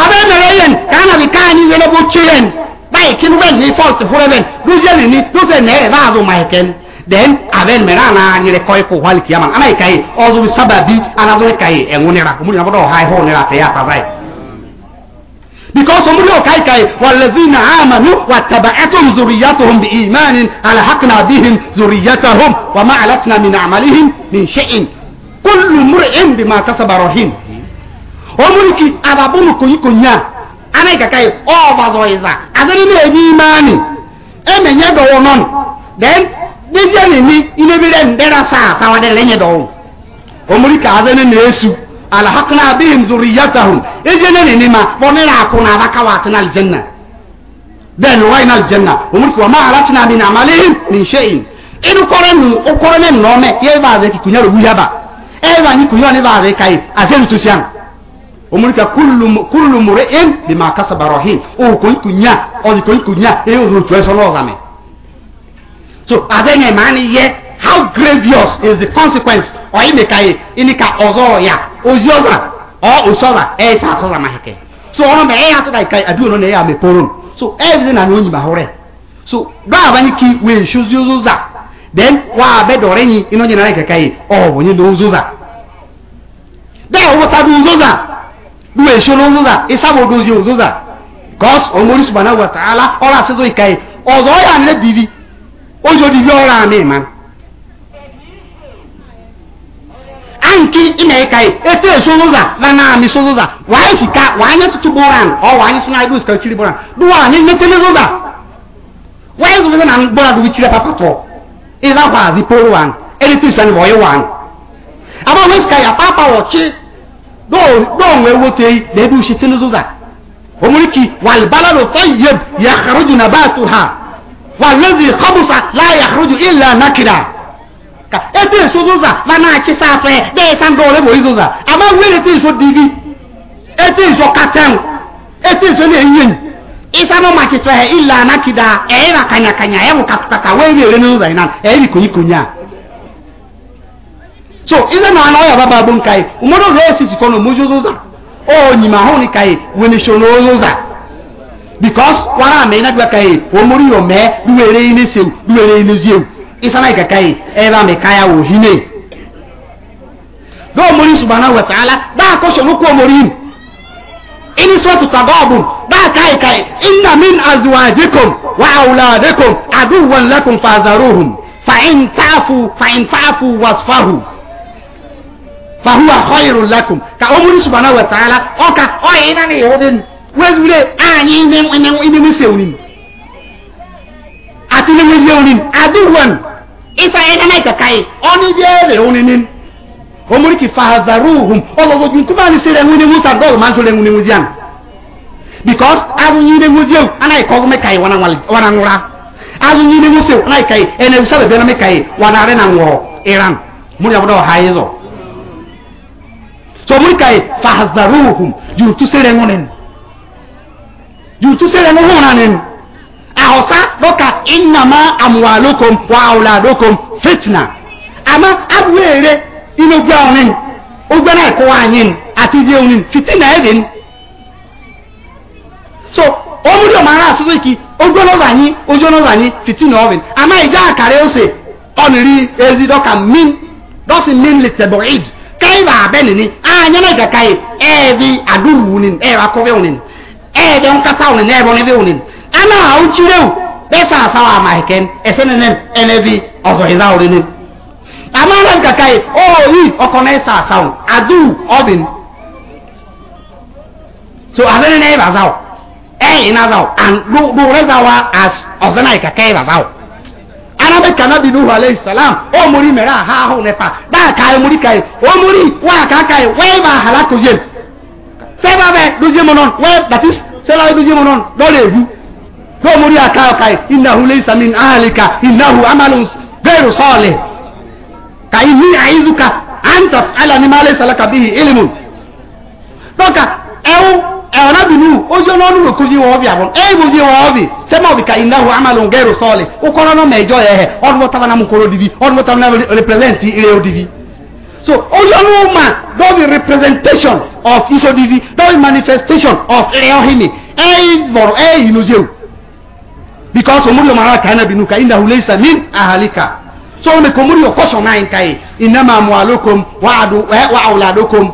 a bɛ mɛrɛ yen k'an na bi k'a ni wele bo bayi e kinu bɛ ni fɔlti fure bɛ dojeli ni dose nɛ yɛrɛ b'a zo ma ye kɛn den a bɛ mɛrɛ a n'a yɛrɛ kɔye ko hali kiyama ana ye ka ye ɔzɔ saba bi ana zɔ e ka ye ɛŋunira e o muri b'a fɔ o ha ye ne la a y'a ta ba ye. because somebody okay oh, kai والذين آمنوا واتبعتهم ذريتهم بإيمان على حقنا بهم ذريتهم وما علتنا من عملهم من شيء كل مرء بما كسب رهين وملكي أبابون كي كنيا أنا كاي أو بازويزا أزلنا إيماني أنا يدعونون then دجاني ni inebire ndera saa sawadele nyedo omulika azene nesu alhaqna bihim zurriyatahum ejenene nima bonera akuna bakawatina aljanna then wayna aljanna omuriki wama alatna min amalihim min shay'in inu korenu okorene nome yebaze kikunyaro guyaba eba ni kunyone baze kai azenu tusian omurika kullu kullu mur'in bima kasaba rahin o ko kunya o ko kunya e o zo tueso lozame so adenye mani ye how grievous is the consequence ọ ịmịka ya ịmịka eh, eh, ọzọ ya ozi ọzara ọ osọra ịsa asọra ma heke so ọ ma ịya atụta ka adịghị na ya mepụrụ so everything na onyi ma hụrụ ya so gbaa abanye ka wee nsozi ụzụza then wa abedọrọ enyi ịnọ onye oh, nara nkeka ya ọ bụ onye na ụzụza dee ọwụtadụ ụzụza bụ esoro ụzụza ịsabụ odozi ụzụza gọs omori subana wataala ọrụ asịzụ ikaye ọzọ ọya nile bibi ojo dibi ọrụ amị mana anki ime kai ete suluza na na mi suluza wai sika wai ne tutu boran o wai ne suna ibu skachiri boran du wai ne tele suluza wai zuwa na bora du chira papa to ila ba di polwan ele tu sani boy wan aba wai sika ya papa wo chi do do nwe wote de du shi tele suluza o muliki wal baladu tayyib yakhruju nabatuha والذي خبث لا يخرج الا نكدا ka ete nso zuza banaki safe deyetandole boizuza ama wele ete nso divi ete nso katem ete nso neyenyi isano makitwehe illa nakida eyeba kanyakanya ebukakutaka webyere nezuza inan eyebikonyikonyaa so ize na ana oya baba abun kai umodo ro sisi kono mujuzu za o nyi ma honi kai wini shono ozuza because wara me na dwa kai o muri yo me duwere ini sew duwere ini ziew isana ikakai eba mekaya wohine do omori subhanahu wa ta'ala da ko so nuko omori ini suratu tagabun da kai kai inna min azwajikum wa auladikum aduwwan lakum fazaruhum fa in taafu fa in fafu wasfahu fahuwa khairul lakum ka omori subhanahu wa ta'ala oka o ina ni yodin wezure anyi ne ne ne ne àti ní méjì orin àdúgbòn ifá ẹni náà kàkà yìí ọ́nì yéèrè òní ní omoriki fahazaruhum ọlọ́wọ́ ju nkúmọ̀ àni sẹ́rẹ̀ ẹ̀hún ní musa bọ́ọ̀lù máa ń sọ̀rọ̀ ẹ̀hún ní museum because arúnyí ní museum anáyì kọ́kọ́ mẹ́ka yìí wọn ànúra arúnyí ní museum anáyì kàyì ẹni ẹ̀rú sábẹ̀ bẹ́ẹ̀ mẹ́ka yìí wọn àrẹ́ nà wọ̀ iran múni àbúdọ̀ ọ̀há yìí zọ̀ so omorika yìí fahazaruhum ju tu sẹ́rẹ̀ ẹ̀hún ju tu sẹ́rẹ̀ ẹ̀hún ahosa doka innama amwalukum wa auladukum fitna ama abwere inogu awon ogbe na ko anyi ati je onin fitina edin so omudo mara asusu iki ogbe no anyi ojo no anyi fitina ovin ama ija akare ose oniri ezi doka min doesn't mean litabuid kai ba benini anya na ga kai evi aduru unin e wa ko ve unin ebe de on kata unin e bo ne ve unin ana auchirewu pesa asawa amahiken esenene enebi ọzọ izaurinu amaran kakai oyi ọkọna esa asawu adu obin, so azani na iba zawo ẹyin e na zao, and do re wa as ọzana ikakai iba zawo anabe kana bi nuhu alayhi salam o muri mera ha ahu nepa da kai e muri kai o muri wa ka kai we ba halako yen seba be duzi monon we that is seba be duzi monon do le hu tó mú rí àká ọkà ìnáhù lè sàmì àhàlìkà ìnáhù amálùs bẹ́ẹ̀rù sọ́ọ̀lẹ̀ ka ìní àìzùkà àǹtàs alánimálẹ̀ sàlákà bí i ilimu tọ́ka ẹ̀wù ẹ̀rọ̀nàbìnú ojú ọ̀nà ọ̀nà òkú sí wọ́ọ̀bì àbọ̀n ẹ̀yìnbó sí wọ́ọ̀bì sẹ́mọ̀ bí ka ìnáhù amálùn bẹ́ẹ̀rù sọ́ọ̀lẹ̀ okòrò náà mẹ́jọ yẹ ọdún tàbí náà mú kóró dibi ọdún tàbí náà represent ilé so ojú ọ̀nà ọ̀ma dọ́bi representation of iṣodivi be manifestation of ẹ̀yọ́hìnì ẹ̀yìn bọ̀rọ̀ ẹ̀yìn inú zero because omuri omara kana binuka inda hulisa min ahalika so ome komuri okoso na nkai e. inama amwalukum wa adu eh, wa auladukum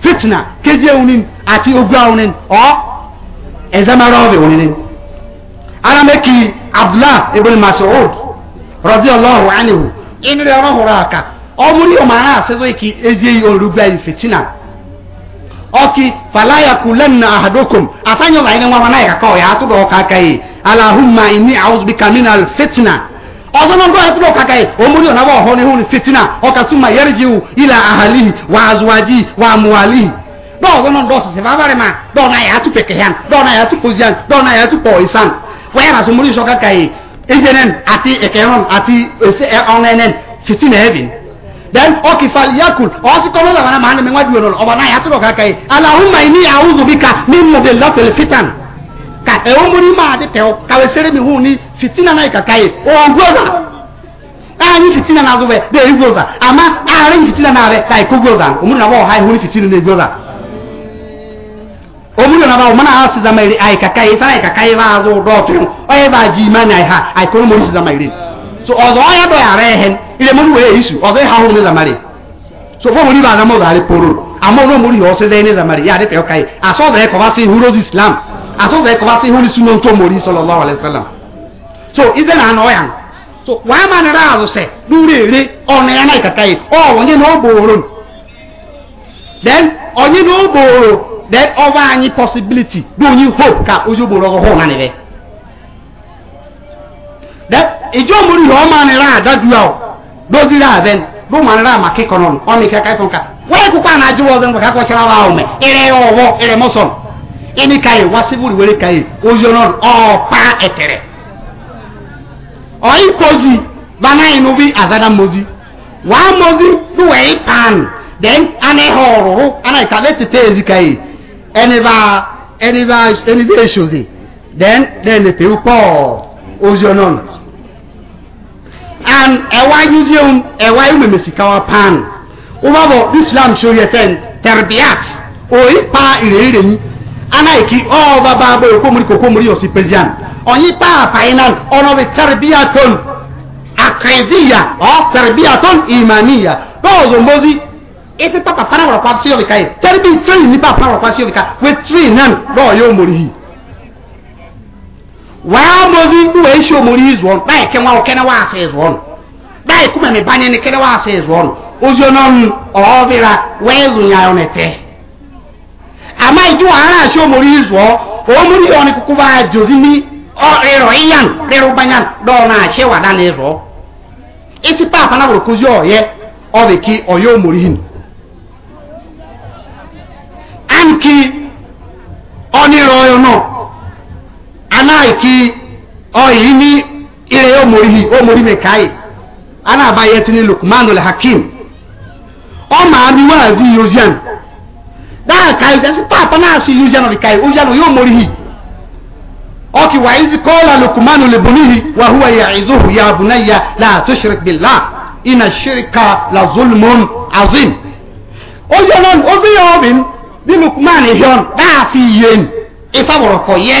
fitna kezi unin ati ogwa unin o ezamara obe unin ana meki abdullah ibn mas'ud radiyallahu anhu inri ọrọ hụrụ aka ọ mụrụ ihe ọmara asịzọ ike ezi eyi orugba fitna oki fala yakulanna ahadukum asanyo zaine wa wana ya ko ya tudo kakai allahumma inni a'udhu bika min alfitna ozono ngo atudo kakai omuri ona ba ohoni hun fitna okasuma yarjiu ila ahalihi wa azwaji wa amwalihi do ozono ndo se babare ma do na ya tupeke yan do na ya tupozian do na ya tupoisan wa ya sumuri so kakai ejenen ati ekeron ati ese eh, onenen fitina evin then okay falyakul ọsì kọ́ lọ́dọ̀ wọn máa ń lè mi wá dúró lọ́lọ́ ọba náà yà á tọ̀rọ̀ kàkà yìí alahuma ini awuzu bika mi mu de lọ́pẹ̀lẹ̀ fitan ka ẹ̀wọ́n e mu ni máa de tẹ̀wọ́ kàwé sẹ́rẹ́ mi hù ni fitina náà kàkà yìí òun gbọ́dọ̀ anyi fitina na zubɛ bɛ eri gbɔza ama arin fitina na bɛ ka eko gbɔza omuru na bɔ ɔha ihuri e fitina na e gbɔza omuru na bɔ ɔmana ha sizama eri ayi kaka yi fa ayi kaka yi ba azɔ ji ima ha ayi kɔnɔ mo ri so ọzọ ọya dọ yàrá ẹhẹn ilẹ̀ mọ́ni wẹ̀ẹ́ isu ọzọ ìhà ọhún ní zamari so fún mi ní bàtà mọ́ zàrí poro àmọ́ ọ̀nà mọ́ni yọ ọsẹ dẹ́yìn ní zamari yàrá ìfẹ́ ọkà yìí àsọ ọzọ ẹkọ bá sí ihu rose islam àsọ ọzọ ẹkọ bá sí ihu ní sunan tó mọ̀rí sọlọ́lá wàlẹ́ sálàm so ìdẹ́ nà ánà ọ̀yà so wàá máa nira àzọsẹ lórí èrè ọ̀nà yẹn náà ìkàkà yìí ọ̀ wọ́nyẹ́ ní ó bòòrò then ọ̀nyẹ́ ní ó bòòrò then ọba anyi possibility bí onye hope ka ojú bòòrò ọkọ̀ hó nà níbẹ̀ ìjọ múri yọ ọmọ anira àdádúrà ọ lójú rà abẹ ni bó mọ anira àmà kíkọ náà ọmọ ìkẹkẹ sọ nǹkan wọ́n kúkọ́ àná àjọ wọ́n gbẹ̀ngàn kakọ́ ṣẹlẹ̀ wà ọmọ ìrẹ̀ ọwọ́ ìrẹ̀ mọ́sọ̀n ẹni káyè wá síbúrì wẹ́rẹ́ káyè oyè náà ọ̀pá ẹ̀tẹ̀rẹ̀ ọ̀yìn kọ́sì banayi nu bi azada mọ́sì wàá mọ́sì bí wọ́n yìí pan then ana ẹ̀họ́ ọ̀rọ̀rọ̀ ana ìkàlẹ̀ tètè èzì káyè ẹni bá ẹni bá ẹni bí èso then then ẹni pè é pọ̀ oyè and ɛwa museum ɛwa yi mɛmɛ pan wọ́n islam ṣe yẹ fẹ́n tẹ̀rẹ̀bíàt òyì pa ìrèlè yìí anáyìkí ọ̀ọ́ba bá bọ̀ èkó múri kòkó múri ọ̀sìn pẹ̀lìyàn ọ̀yìn pa àpàyínàn ọ̀nà bẹ tẹ̀rẹ̀bíàtọ̀n àkàndíyà ọ̀ tẹ̀rẹ̀bíàtọ̀n ìmàníyà bọ́ọ̀ zombozi ètè pápá fara wọ̀rọ̀ pa sí ọ̀bìkà yìí tẹ̀rẹ̀bí tírì nípa fara wọ̀rọ̀ pa sí waa rọzi ndu esi izu ọnụ báyìí kẹ nwa ọkẹnẹ wa sẹ izu ọnụ báyìí kúmẹ mi bá nyẹni kẹnẹ izu ozi ọnọnu ọbịra wàá izu nya ọnụ ẹtẹ àmà ìdí wàá rà ọ dọọ izu ọ esi paapa hin anaiki ọyí ní ire omorihi omori mekai anabaye ti ní lukmanul hakim ọmọ àmì wà sí yosian dáa kai ẹsẹ pàápàá náà sí yosian ọ̀rì kai yosian ọ̀rì omorihi ọkì wà ní kọ́ọ̀lá lukmanul bunihi wà hùwà yà ìzóhù yà bùnáyà láàtú ṣirikbìlá iná ṣirika la zulmun azim yosian ọ̀rì obìnrin bí lukman ìhìn dáa fi yẹn ìfàwọ̀rọ̀kọ̀ yẹ.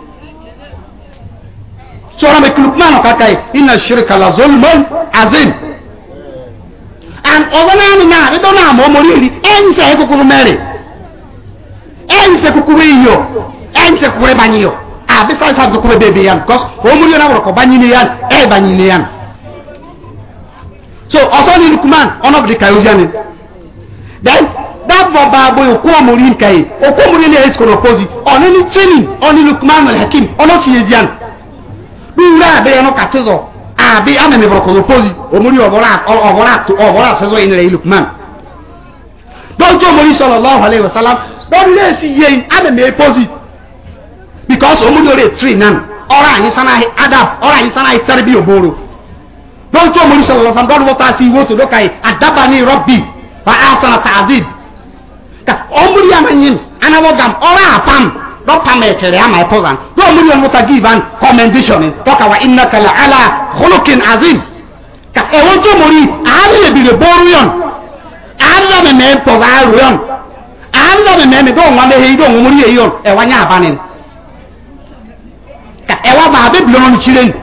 sọ́rọ́ mi kìlú mọ́ kàkà yìí iná ṣirka la zolmon azim and ọ̀rọ̀ náà ah, ni náà nítorí náà mọ́ mọ́rí rí ẹ̀yìn sẹ́ kúkúrú mẹ́rin ẹ̀yìn sẹ́ kúkúrú iyọ̀ ẹ̀yìn sẹ́ kúkúrú bá yíyọ̀ àbí sáyẹn sáyẹn kúkúrú bèbè yàn kọ́s òmùrí náà wọ̀rọ̀kọ̀ bá yín yàn ẹ̀ bá yín yàn so ọ̀sọ́ ni lukman ọ̀nà bìí kàyọ̀ yẹn ni then dábọ̀ bá abo òkú ọmọrí nkàyè òkú ọmọrí ni ẹ̀ bíwúrẹ́ àbẹ́yẹ náà kàtí zọ àbí amẹ̀mẹ̀ bọ̀rọ̀kọ̀rọ̀ pọ́sì omori ọ̀gọ́rà àṣẹzọ ìnira ilukman dọ́jọ́ omori sọ̀rọ̀ lọ́wọ́ alẹ́ wasalam lọ́dún lè sí yẹ amẹ̀mẹ̀ e pọ́sì because omori ọ̀rẹ́ tiri nan ọ̀rọ̀ àyín sanáhì adam ọ̀rọ̀ àyín sanáhì tẹ́rẹ́ bí òbóró dọ́jọ́ omori sọ̀rọ̀ lọ́sàn dọ́dún wọ́n taasi iwó tó dọ́ka yìí adaba ní rọ́bì bá a sọ̀rọ̀ tààzib omori àmẹ́yìn anáwọ̀ gàm ọ̀rọ̀ àpam dɔkta mɛ kyerɛ ama ɛpɔ zan dɔw mu yɛn wuta give an commendation dɔka wa inna kala ala holokin azim ka ɛwɔ e tó mori aali e yɛ e bi le bɔɔru yɔn aali yɛ mɛ mɛ pɔgɔ aaru yɔn aali yɛ mɛ mɛ mɛ dɔw ŋa mɛ heyi dɔw ŋa mori yɛ yɔn ɛwɔ nyɛ abani ka ɛwɔ baa bɛ bilɔn kyerɛ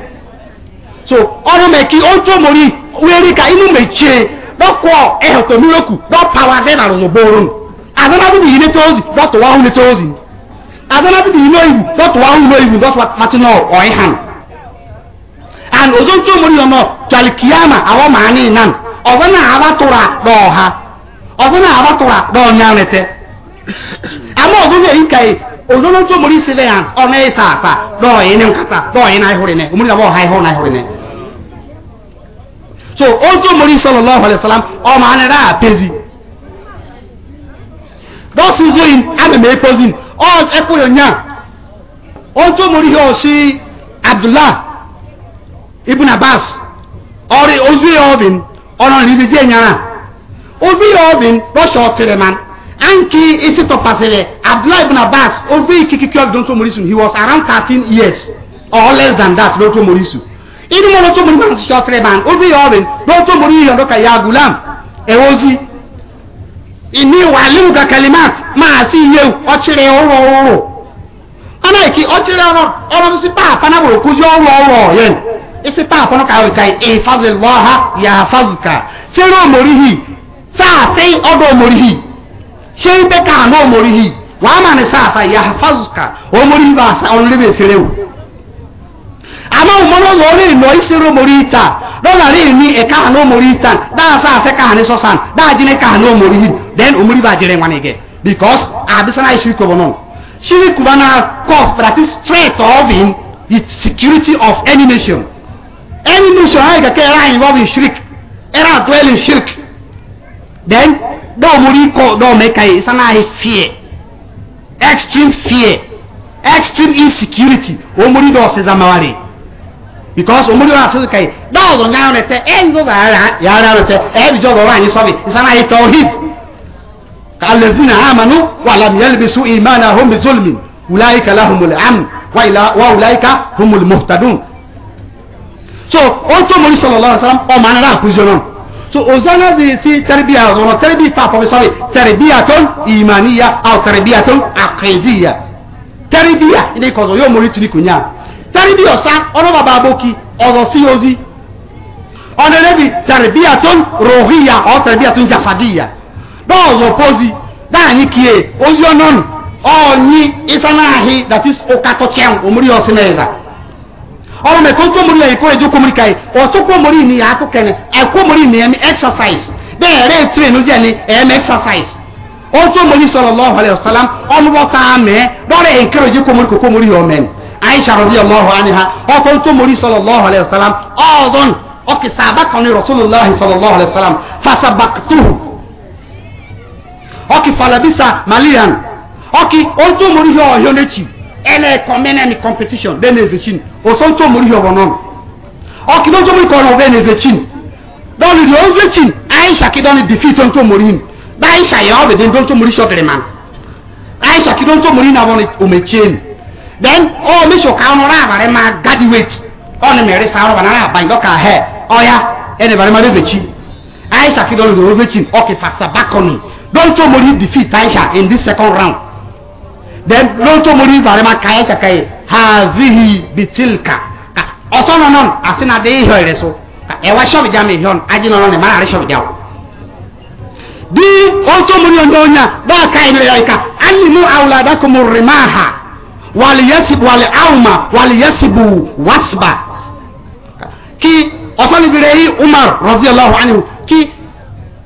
so ɔno mɛ ki ɔn tó mori wéri ka inú mɛ tse dɔkɔ ɛhɛtɔ nureku dɔ pawa bɛ na lɔ bɔɔru azanabu bi yi ne tóozi dɔtɔ wa hu ne tóozi. adana bi ino ibu dot wa ino ibu dot wa matino o ihan and ozon to mori ono jal kiyama awa mani nan ozona awa tura do ha ozona awa tura do nyanete ama ozon ye ikai ozon to mori sile an ona isa sa do ene nkata do ene ai hore ne mori awo hai na hore ne so ozo mori sallallahu alaihi wasallam o mani ra pezi do ame ọ ẹkú yọ nya ohun tó mori yọ sí abdullah ibn abbas ọrẹ ozu yọ ọbìn ọrọ rìbí díẹ nyara ozu yọ ọbìn rọṣọ man anki isi tọpasẹrẹ abdullah ibn abbas ozu yìí kíkíkí tó mori sùn he was around thirteen years or less than that ló tó mori sùn inú mọ́ tó mori man ṣiṣẹ́ ọtẹrẹ man ozu yọ ló tó mori yọ ọdún kan ya gulam ẹ̀ ozi ìní wàhálì nǹkan kalimat. maasị ihe ọchịrị ụlọ ụlọ ọnaghịkị ọchịrị ọrụ ọrụ nsị paapa na gburu kụzi ọrụ ọrụ ya isi paapa nọ ka ahụ ka ịfazilọ ha ya afazika chere omorihi saasị ọdụ omorihi chere ibe ka anụ omorihi wa ama ni saasa ya afazika omorihi ba ọrụ ebe esere ewu ama umono lori no isiro morita dola ri ni e ka no morita da sa fe ka ni sosan da jine ka no morihi den umuri ba jere wanige because abisana ah, is shirikuba no shirikuba na cause that is straight of in the security of any nation any nation ayi ah, kake era involve in shirik era dwell in shirik then dɔw mori kɔ dɔw mɛ ka ye I fear extreme fear extreme insecurity o mori dɔw sisan mawari because omori wa sisi ka ye dɔw zɔn ɲaayɔ de tɛ ɛn zɔn yaaraa de tɛ ɛn bi jɔ dɔw b'a ɲɛ sɔbi isana ye tɔw hiv kàlẹ́sìn àmànú wà lámìyẹ́lẹ́bìsú ìmáàna hómi zolmi wùláyíkà láhùmùlẹ̀ àmù wà wùláyíkà hómùlẹ̀ mọ̀tàdùn. so ohun tó mọ̀rí sọ̀rọ̀ lọ́wọ́ sọ́n ọmọ anára àkúzọ náà so òzánà di ti tẹ̀rẹ̀bíyà ọ̀rọ̀ tẹ̀rẹ̀bíyà fà fọ́ sọ́rí tẹ̀rẹ̀bíyà tó ìmàníyà àwọn tẹ̀rẹ̀bíyà tó àkèjìyà tẹ̀rẹ̀bíyà ilé ìkọ̀sọ̀ yóò mọ̀rí tìrì kùnyà tẹ̀rẹ̀bíyà ọ̀sán ọ̀nà bàbá abókì ọ̀rọ̀ sí ozi ọ̀nà lẹ́bi tẹ̀rẹ̀bíyà tó rọ̀híyà ọ̀ tẹ̀rẹ̀bíyà tó jàfàdíyà dọọzọ pozi daanyi kie ozi ọnọnụ ọnyi isanahi that is ụkatọchịa omori ọsịnaiza ọrụ mekọ otu omori ya ikọ eji kwomori kai ọtụkwa omori ni ya akụkene ekwu omori ni eme exercise bẹ́ẹ̀ rẹ̀ train ozi ẹni eme exercise otu omori sọlọlọhụ alẹ ọsalam ọnụbọta amẹ dọrọ encourage kwomori kwomori ya ọmẹ aisha rọdịallahu anha ọtọ otu omori sọlọlọhụ alẹ ọsalam ọzọ ọkịsa abakọ ni rọsụlụlọhụ sọlọlọhụ alẹ ọsalam fasabaktuhu oki falabisa malian oki onto mori yo yo nechi ele komene ni competition de ne vechin o so onto mori yo wonon oki no jomi ko no de ne vechin dɔnni di o vechin aisha ki dɔnni defeat onto mori hin da aisha yɛ ɔbɛ den onto mori shɔ gere man aisha ki onto mori na wɔn omechie ni then o mi so ka ɔno ra abare ma graduate ɔne mɛri sa ɔno ba na aban dɔ ka hɛ ɔya ɛne e bare ma de vechin aisha ki dɔnni di o vechin ɔki fasa bakɔni don to mori defeat Aisha in this second round then don to mori varema kaya ka kai hazihi bitilka ọsọ nọ nọ na de ihe ere so ẹwa shop jam ihe on aji nọ nọ ne mara shop jam di on to mori on donya ba kai ne yaika alimu auladakum ha? wal yasib wal auma wal yasibu wasba ki ọsọ ni bire yi Umar radiyallahu anhu ki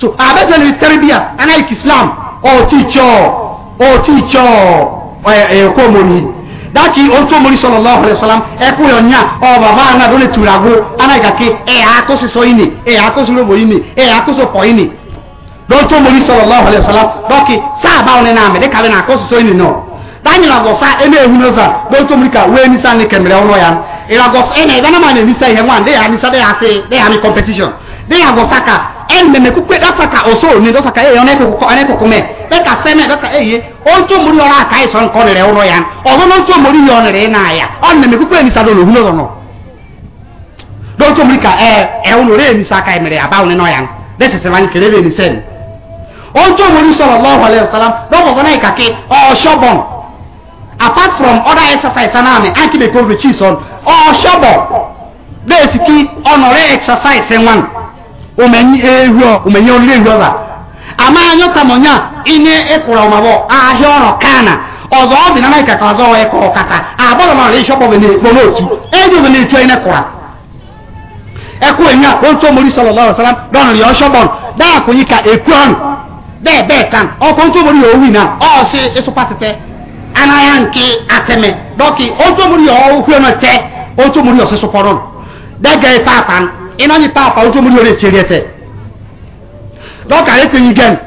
so abẹ́sẹ̀lẹ̀ tẹ́rẹ́bíà anáìkì islam ọ̀tíìtsọ̀ ọ̀tíìtsọ̀ ẹ̀kọ́ mọ̀ni daki onto mori sallallahu alaihi wasallam e ku yo nya o baba ana dole turago ana gake e akosi so ini e akosi lobo ini e akoso ko ini don to mori sallallahu alaihi wasallam daki sa ba one na me de kale na akosi so ini no dani la gosa e me ehun oza don to mori ka we ni sa ni kemre ono ya e la gosa e na e na ma ni sa ihe wan de ya ni sa de ase de ya ni competition de ya gosa ka ɛnmɛmɛ kukue dɔsaka ɔsoro ni dɔsaka eye ɔnɛ koko ɔnɛ koko mɛ dɔka sɛmɛ dɔka eye ɔntso mori ɔra aka yi sɔn kɔ nirɛ ɔrɔ yan ɔzɔ n'ɔntso mori yɔ nirɛ n'aya ɔnmɛmɛ kukue nisa do lohu n'ozɔnɔ dɔntso mori ka ɛɛ ɛwɔ n'ore yɛ nisa ka mɛrɛ abawo ni n'ɔyan dɛsɛ sɛ wani kele bɛ nisɛ ni ɔntso mori sɔrɔ lɔɔhu alɛ salam dɔkɔzɔ exercise umenyi ehio umenyi olile ehio ba ama anyo kamonya ine ekura umabo ahio a kana ọzọ ọ na naịka ka ọzọ wee kọrọ kata abụrụ na ịshọ kpọbe n'ekpo n'otu eji obe na-eti onye ekwu enye a sallallahu alaihi wasallam daa akwụnye ka ekwe ọnụ bẹẹ kan owi na ọsị ịsụpa tete nke ateme dọkị otu omori ọhụhụ n'ete ina ni papa uto muri ore cheriete doka ye kwenyi gen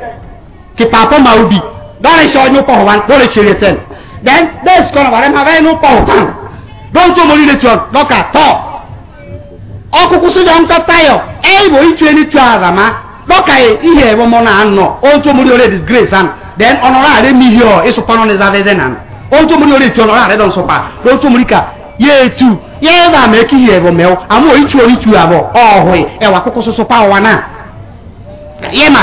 ki papa ma ubi dore sho nyu po wan dore cheriete then this kono bare ma ve nu po wan don to muri le chon doka to okuku si don ka tayo e bo itu eni tu azama doka ye ihe ebo mo na anno o to muri ore disgrace an then onora are mi yo isu pano ni zaveze nan o to muri ore chon onora are don sopa o to muri ka yɛ etu yɛn na mɛ ki yɛ bɔ mɛ o amu oyi tu oyi tu abɔ ɔhoi soso pa ɔwa naa yɛ ma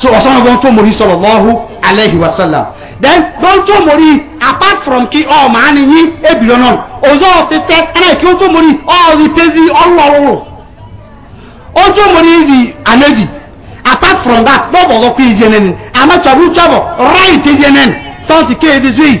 so ɔsɔn bɔn tó mori sɔrɔ lɔɔhu aleyhi wa sallam then bɔn mori apart from ki o maa ni yi ebiro nɔ ozɔ tete ɛnna ki o tó mori ɔɔri pezi ɔlɔworo o tó mori di anabi apart from that bobo ɔkọ iye nɛni amatɔ bu tɔbɔ right iye nɛni tɔnti kéde zui.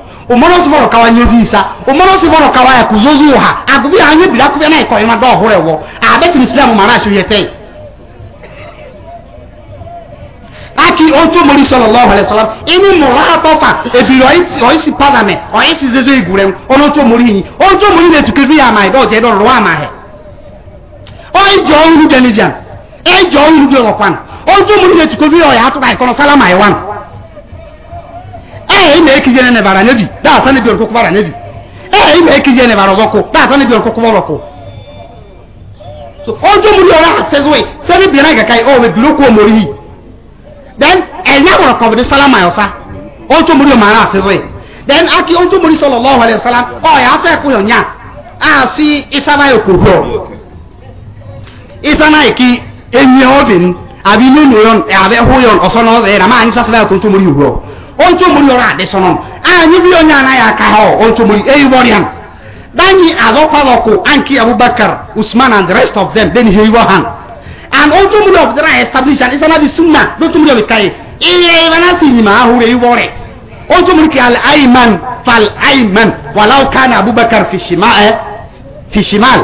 omono si boro kawa nyozi isa omono si boro kawa ya kuzozu ha agubi anye bila kubya na iko ema do hore wo abeti islamu mara shu yete aki oto mori sallallahu alaihi wasallam ini mura atofa ebiro oisi parliament oisi zezo igure ono to mori yin oto mori le tukedu ya mai do je do ruwa ma he oijo ohun denijan ejo ohun bi oropan oto mori le tukedu ya to kai kono salama iwan ee eh, ime ekijene ne bara nebi da asa nebi orko kubara nebi ee eh, ime ekijene bara zoko da asa nebi orko kubara ko so ojo muri ora atezwe sani bi na gakai o oh, me biro ko mori then enya woro ko bi salama yosa ojo muri ma na atezwe then aki ojo muri sallallahu alaihi wasallam o oh, ya ata ko yonya asi isaba yokugo isana iki enye obin abi nunu yon e, abe huyon osono era ma anisa sabe ko to muri ugo ontomori ọrọ adesọnọ anyị bi onye anaghị aka ha ontomori eyibọrịan danyi azọkwalọkụ anki abubakar usman and the rest of them then he were hand and ontomori of the right establish and isana the sunna ontomori of the kai iye ibana si yima ahụrụ eyibọrị ontomori ka al aiman fal aiman walau kana abubakar fi shimal eh, fi shimal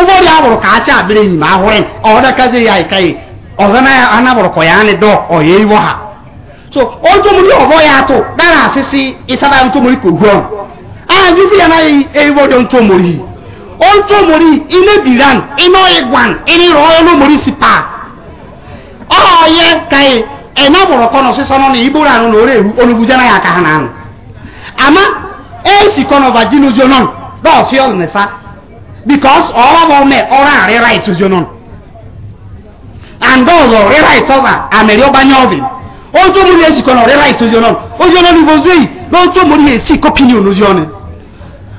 ụbọrị abụrụ ka acha abịrị yima ahụrụ ọ dakazi ya ikai ọzọ na anabụrụ kọ ya anị do ọ ya iwo ha so ojú mu ọ̀bọ ya tó dára àṣìṣe ìsára ntòmórì kò gbọ́ ààyè fi yàrá yìí ewébọ̀dọ̀ ntòmórì ntòmórì iná bìrán iná ìgbàn iná ìrọ̀ ọlọ́mórì sí pa ọ̀ọ́yẹ kàyé ẹ̀ná bọ̀rọ̀ kọ́nà sísọ́nà ní ìbúra àrùn lórí èrú olùbùjẹ́ náà yà ká hàn án àmọ́ èsì kọ́nà vagina ojú náà bọ́ọ̀ sí ọ̀rùn nìfa because ọ̀rọ̀ bọ̀ mẹ́ ọ̀rọ̀ àrí right ojú náà ó tó múlẹ̀ èsì kan ọ̀rẹ́ láì tójú ọlọ́run ojú ọlọ́run ìbò zéyì ló tó múlẹ̀ èsì kọ́pì ní olójú ọ̀nà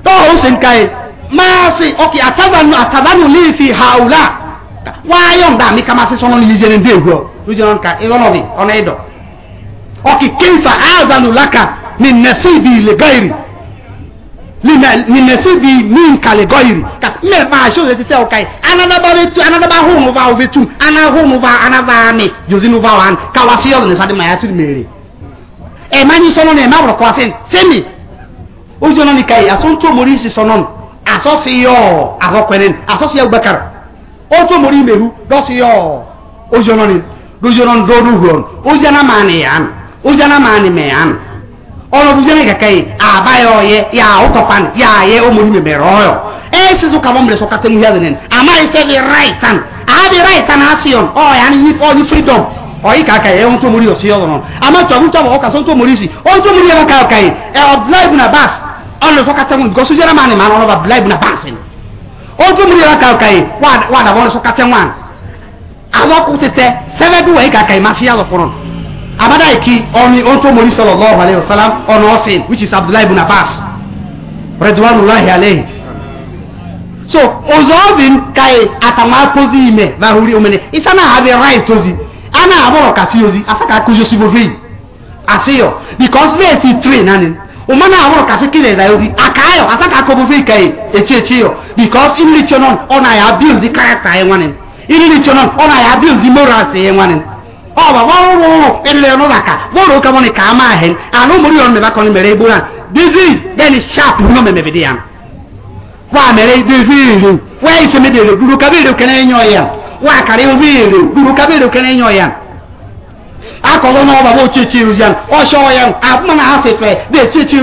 tọ́wọ́ ó sì ń ka ẹ̀ máa sì ọkẹ́ àtàdánù àtàdánù lè fi ha òwúlà wáyọ̀ ń dà mí ká máa sí sọ́nà nílé jẹ́ni dé ìgbọ́ lójú ọ̀nà ká ọ̀nà ìdọ̀ ọkẹ́ kéfà àdánù lákà ní nẹ̀sí ìbí ninasibi min kaligoyiri ka mme ma ahyɛ ose sisɛ ɔkae anadaba betu anadaba ahohoro ba obetum anahohoro ba anaba ame josinu ba wan ka wasi yɔ ne sadi ma ya tiri mere ɛma e nyi sɔnɔ ne ɛma wɔrɔ kɔ ase sɛmi ojo nani kai asonto mori si sɔnɔ no asɔsi yɔ Aso asɔsi yɛ O oto mori meru dɔsi yɔ ojo nani ojo nani dɔɔdu hurɔ ojo na maa ni yan ojo na maa ni mɛ yan ọ̀rọ̀ bí jẹ́mi kẹ̀kẹ́ yìí àbáyọ yẹ yà ọ̀tọ̀ pan yà yẹ ọmọdé mi bẹ̀rẹ̀ ọ̀yọ̀ ẹ̀ ẹ́ sísun kàwọn mìíràn sọ̀kà tẹ̀lé yàrá nìyẹn àmà ẹ̀ sẹ́bi ráìtàn àbí ráìtàn àṣìyàn ọ̀ yà ni yí ọ̀ ní freedom ọ̀yí kàkà yẹ ohun tó mórí ọ̀sí ọ̀rọ̀ náà àmà tọ̀hún tọ̀hún ọ̀kà sọ́n tó mórí sí ohun tó mórí ẹ̀rọ kàkà yìí ẹ̀ abdullahi ibn abbas ọ̀nà sọ́kà tẹ̀hún gọ́sọ́ jẹ́rẹ́ máa ní màá lọ́wọ́ abdullahi ibn abbas ni ohun tó mórí ẹ̀rọ kàkà yìí wà dàbọ̀ ọ̀nà sọ́kà tẹ̀hún àwọn kù tẹ̀tẹ̀ sẹ́fẹ́ bí wọ̀nyí kàkà yìí má sí yàtọ̀ kúrọ̀nù abada iki oni onto mori sallallahu alaihi wasallam on osin which is Abdullahi ibn abbas radwanullahi alaihi so ozobin kai atama kozi ime ba huri omene isana have a right tozi ana aboro kasi ozi asaka kujo sibo fi asiyo because we ti train nani umana aboro kasi kile za ozi akayo asaka kobo fi kai echi echi yo because in lichonon ona ya build the character e wanen in lichonon ona ya build the morals e wanen ọba bọrụrụ ịlịrụ laka ụrụ ụka mọni ka ama ahịn anụ mụrụ ya ọmịba kọni mere egbu ha dizi deni sharp nọ memebe di ya wa mere dizi iri wa ise mebere guru kabere kene enyo ya wa kare obi kene enyo ya na ọba bụ ọsọ ya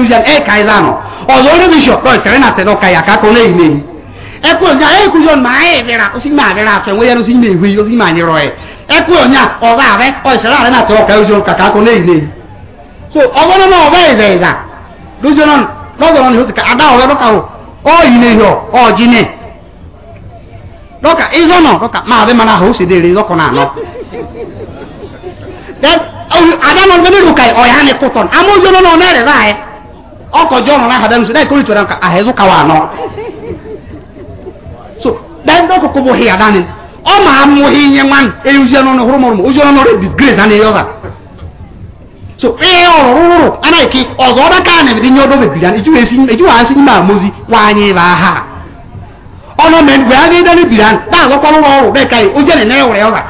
na e ka ịza nọ ọzọ onye na tedọ ọka ya ka akọ na-eyi e e e n'eyi ya ẹkú ọ̀nyà ọ̀gá rẹ ọ̀ṣẹ̀rá rẹ náà tọ́ ọ̀kẹ́ ojú kàkà kó lé ìlé so ọgbọ́n náà ọ̀bẹ ìzẹ̀ ìzà lójú náà lọ́dọ̀ náà ni ó sì ká adá ọ̀rẹ́ lọ́kà o ọ̀yì ni yọ ọ̀jì ni lọ́kà ìzọ́ náà lọ́kà máa bẹ́ mana ó sì dé rí lọ́kọ̀ náà lọ. adá náà gbẹ́mí rúkà ọ̀yà ni kùtọ̀ amójú náà mẹ́rin ráyẹ ọkọ̀ jọ̀ọ̀nù náà hadanu sí náà ìkórè ìtura àhẹ́zù kàwá náà so bẹ́ẹ̀ dọ́kọ̀ kó bó hi adá ni. Ọ nye amụghị inye nwa eyuzienụ hụrụ mụrụ ọnụ ọrụ na ana eyoza so ihe ọrụrụ ụrụ anaghị ka ọzọ ọdaka a na nye odobe biri ejiwa asị n'ime amụzi nwaanyị ebe aha ọnụ mee mgbe a ga-edere biri na ta ụlọ ọrụ dịka ojene na ewere ọza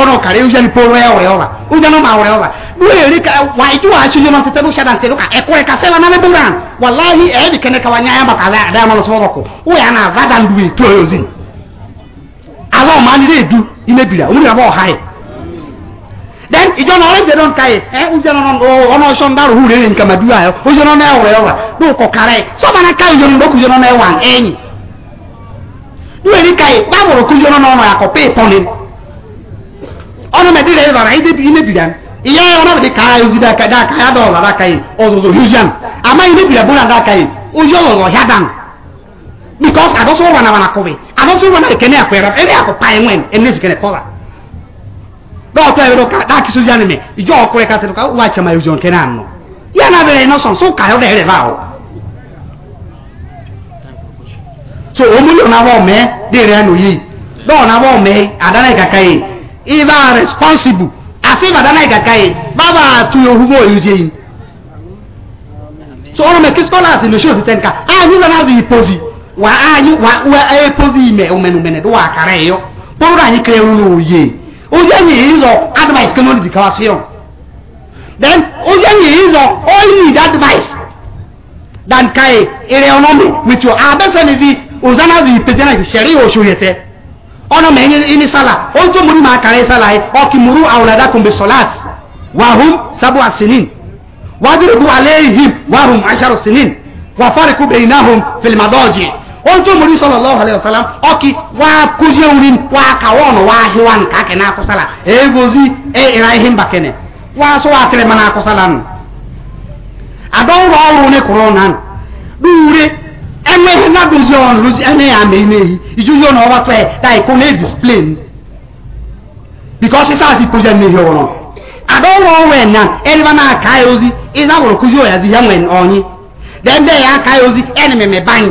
ọnụ karịa ojene poro ya were ma were ọza due eri ka wa asị ojene ọtụtụ ebe ka ekwere ka sela na mebụrụ anụ anya maka ụya na ndụ etu ozi awo ma ni de du ime bira wuri abo ha e then ijo na ore don kai eh unje no no ono so ndaru hu re nka madu ayo unje no na ore wa do ko kare so bana kai unje no ku unje no na wa enyi duwe ni kai ba mo ku unje no na wa ko pe ponin ono me dire ba ide bi ime bira iye ono bi kai uzi da kai da kai da ola da kai ozozo hujan ama ime bira bura da kai unje ozozo hyadan because adoso wana wana kobe adoso wana kene akwera ere ako paenwen enezi kene kola do to ero ka da kisu jani me ijo okore ka teruka wa chama yuzo kene anno ya na bere no son so ka yo dere bawo so omuli na wo me dere No, yi do na wo me adana ikakai iba responsible asiba adana ikakai baba tu yo hubo yuzo yi so ọrọ mẹ kí skọlá àti lòṣù òsì tẹnka àyè nílò náà di ìpòsì wa anyi wa wa epozi eh, ime umenu mene do akara yo poro anyi kere unu oye oye ni izo advice kan odi kawa sio then oye ni izo all need advice dan kai ere ono mi with your ni zi ozana zi pejana zi sheri o sho yete ono me ni ni sala o to muri ma kare sala e o ki muru awladakum bi salat wa hum sabu asinin wadribu alaihim wa hum asharu sinin wa fariqu bainahum fil madaji onye tó mori sallallahu alaihi wasallam ọkì wá kúzi orin wá kàwọ́ ọ̀nà wá híwá nǹka kẹ̀ náà kọ́sálà èègòzi ihe mbakene kẹ̀nẹ̀ wá mana kọ́sálà nù. àdọ́wọ́rọ̀ ọ̀rọ̀ ní kúrọ̀ náà lóore ẹ̀mẹ́ iná dozi na lózi ẹ̀mẹ́ yà mẹ́ iná yìí ìjú e nà because ozi ya ozi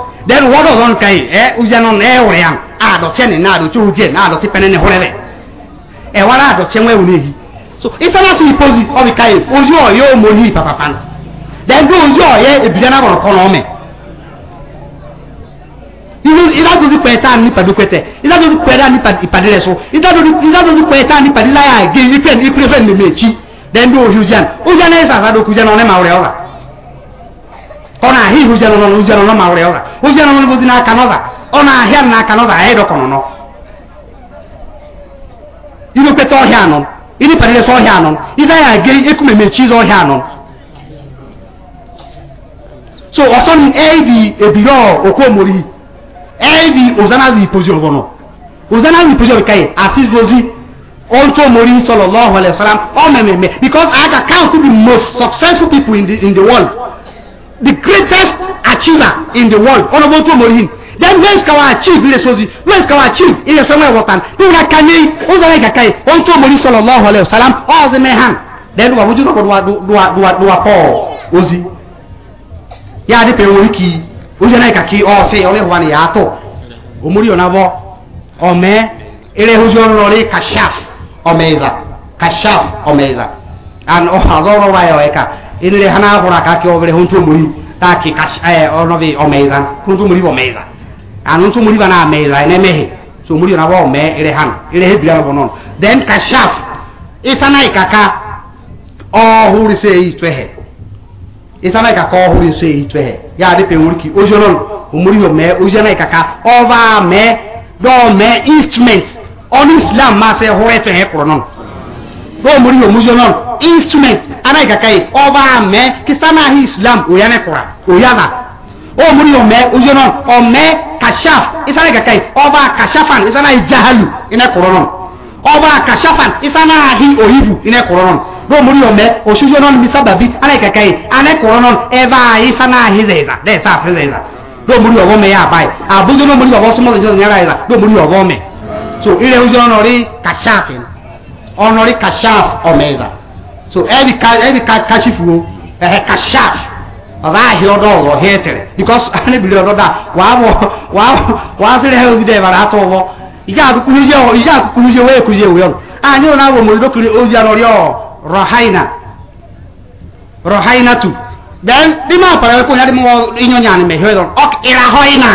den wodo zon kai e eh, ujano ne wreyan a ah, do chene na do chuje na do tipene ne horele e eh, wara do chenwe unehi so isana si pozi o bi kai ozi o yo mo ni papa pan den do ozi o ye ebire na ro kono me ilu ila do pe ta ni padu kwete ila do pe ra ni padire so ila do ila do pe ta ni padila ya ge ni pen ni preven ni mechi den do ozi ujan ujan e sa sa do kujan one ma ore ora ọ na-ahịa ihe ujenọ ujenọ nọ ma were ọza ujenọ nọ bụzi n'aka na-ahịa n'aka n'ọza anyị dọkọnọ nọ irupeta ọhịa anọ ịdị parịrịsị ọhịa ya gị ekume mechi izu ọhịa so ọsọ ni ebi ebiro okomori ebi ozana zi pozi ogono ozana zi pozi okai asi zozi also mori sallallahu alaihi wasallam o mememe because i can count to the most successful people in the in the world the greatest achiever in the world ọlọ́bọ̀ tó mọ̀ yìí then where is our achieve ilé sozi where is our achieve ilé sọ́wọ́ ẹ̀wọ̀ pan ní ìlà kanyé ó sọ̀rọ̀ ìkàkà yìí ó ń tó mọ̀ ní sọ̀rọ̀ lọ́wọ́ All the men mẹ́hàn then wà wójú lọ́kọ̀ duwa pọ̀ ozi yá adé pẹ̀lú orí kì í ojú náà ìkàkì ọ̀ọ́sì ọ̀lẹ́ ìwà nìyà tó omori ọ̀nàbọ̀ ọ̀mẹ́ eré ojú ọ̀rọ̀ rí kashaf ọ̀mẹ́ ìzà kashaf ọ̀mẹ́ ìzà and ọ̀hà ọ̀rọ̀ wáyà ọ̀ẹ́ka inire hana hora ka ke obere honto muri ta ki kash eh ono bi o meiza honto muri bo meiza anu honto muri bana meiza ne mehe so muri na bo me ire hana ire he bia bo non then kashaf isana ikaka o huri se itwehe isana ikaka o huri se itwehe ya de pe muri ki ojonon omuri bo me ojana ikaka over me do me instruments on islam ma se ho etwehe kro non bó mo rí òmùsùn náà instrument anáìkàkà yìí ọba àmẹ kisana àhí islam òyà mẹkọra òyà là ó mo rí ọmẹ òsùn náà ọmẹ kashaf ìsánàìkàkà yìí ọba kashafan ìsánà ìjahalu ìnẹkọrọ náà ọba kashafan ìsánà àhí òyìnbù ìnẹkọrọ náà bó mo rí ọmẹ òsùn náà mi sábàbí anáìkàkà yìí anẹkọrọ náà ẹ bá ìsánà àhí zẹ̀ẹ̀zà dẹ́ẹ̀ sáà fẹ́ zẹ̀ẹ̀zà ló mórí ọ̀wọ́ mẹ́ yá báyìí àbújọ́ ló mórí ọ̀wọ́ súnmọ́ ìjọba ìyára ìlà ló mórí ọ̀wọ́ mẹ́ so ilẹ̀ ojú ọ̀nà rí kàṣáàfin ọ̀nọ́rí kashaf ọ̀mẹ́za so ẹ̀bi ka ẹ̀bi ka kashifu o ẹ̀hẹ̀ kashaf ọba ahịa ọdọ ọwọ ha etere because <laughs> anabili ọdọ da wàá bọ wàá wàá sịrị ha ozi dẹbara atọ ọwọ ije akụkụzie ọ ije akụkụzie wee kụzie ewu ọrụ anyị ọ na-abụ mụ idokiri ozi anọrị ọ rọhaina rọhaina tu then dị m apara ekwe onye dị m inyonya anyị mehie ọrụ ọk ịrahọina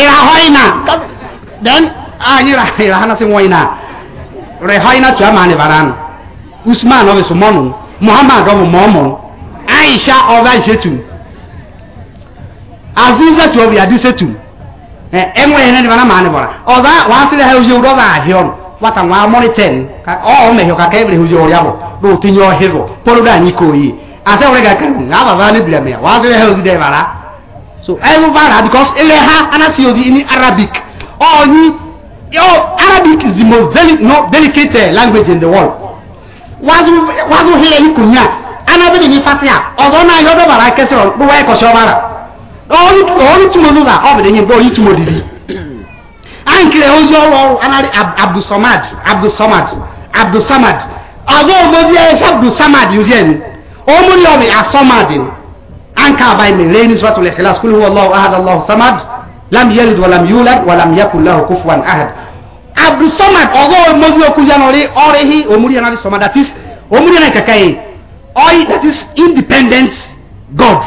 ịrahọina then anyị rahana sị nwa ịna rehaina tu amani barano usman ɔbɛ eh, so mɔnu muhammad ɔbɛ mɔmɔ aisha ɔbɛ aishetu aziza tu ɔbɛ adisetu ɛ ɛmu yɛn nani bana maani bɔra ɔbɛ waasi dɛ hɛwuzi wuro ɔbɛ ahiɔn wata ŋmaa mɔni tɛn ka ɔɔ mɛhɛ ka kɛyɛ hɛwuzi wuro yabɔ dɔw ti nyɛ ɔhɛzɔ polo da ni koyi ase wuli ka kɛn nga baba ne bila me, waasi dɛ hɛwuzi dɛ bara so ɛmu bara because ele ha ana si ni arabic o ni. Yo, oh, Arabic is the most deli no, delicate uh, language in the world. Wazu wazu hile ni kunya, anabidi ni fatia, ọzọna ihe ọdọ bara akẹsẹ ọgbọwa ẹkọsẹ e ọbara. Ọrụ tụmọ n'ụzọ ọbụdị nye mbọ ọrụ tụmọ didi. A nkiri ozi ọrụ ọrụ anarị Abdulsamad, Abdulsamad, Abdulsamad. Ọzọ omozi esi Abdulsamad yuzi eni. Omuri ọrụ asọmadị. Anka abaghị mere n'isi watụlụ ekele asukulu wọlọ ahadallahu samad. lam yalid walam yulad walam yakun lahu kufuwan ahad abdul somad ogo mozi okujanori orehi omuriyanari soma that is omuriyanari kakaye oy that is independent god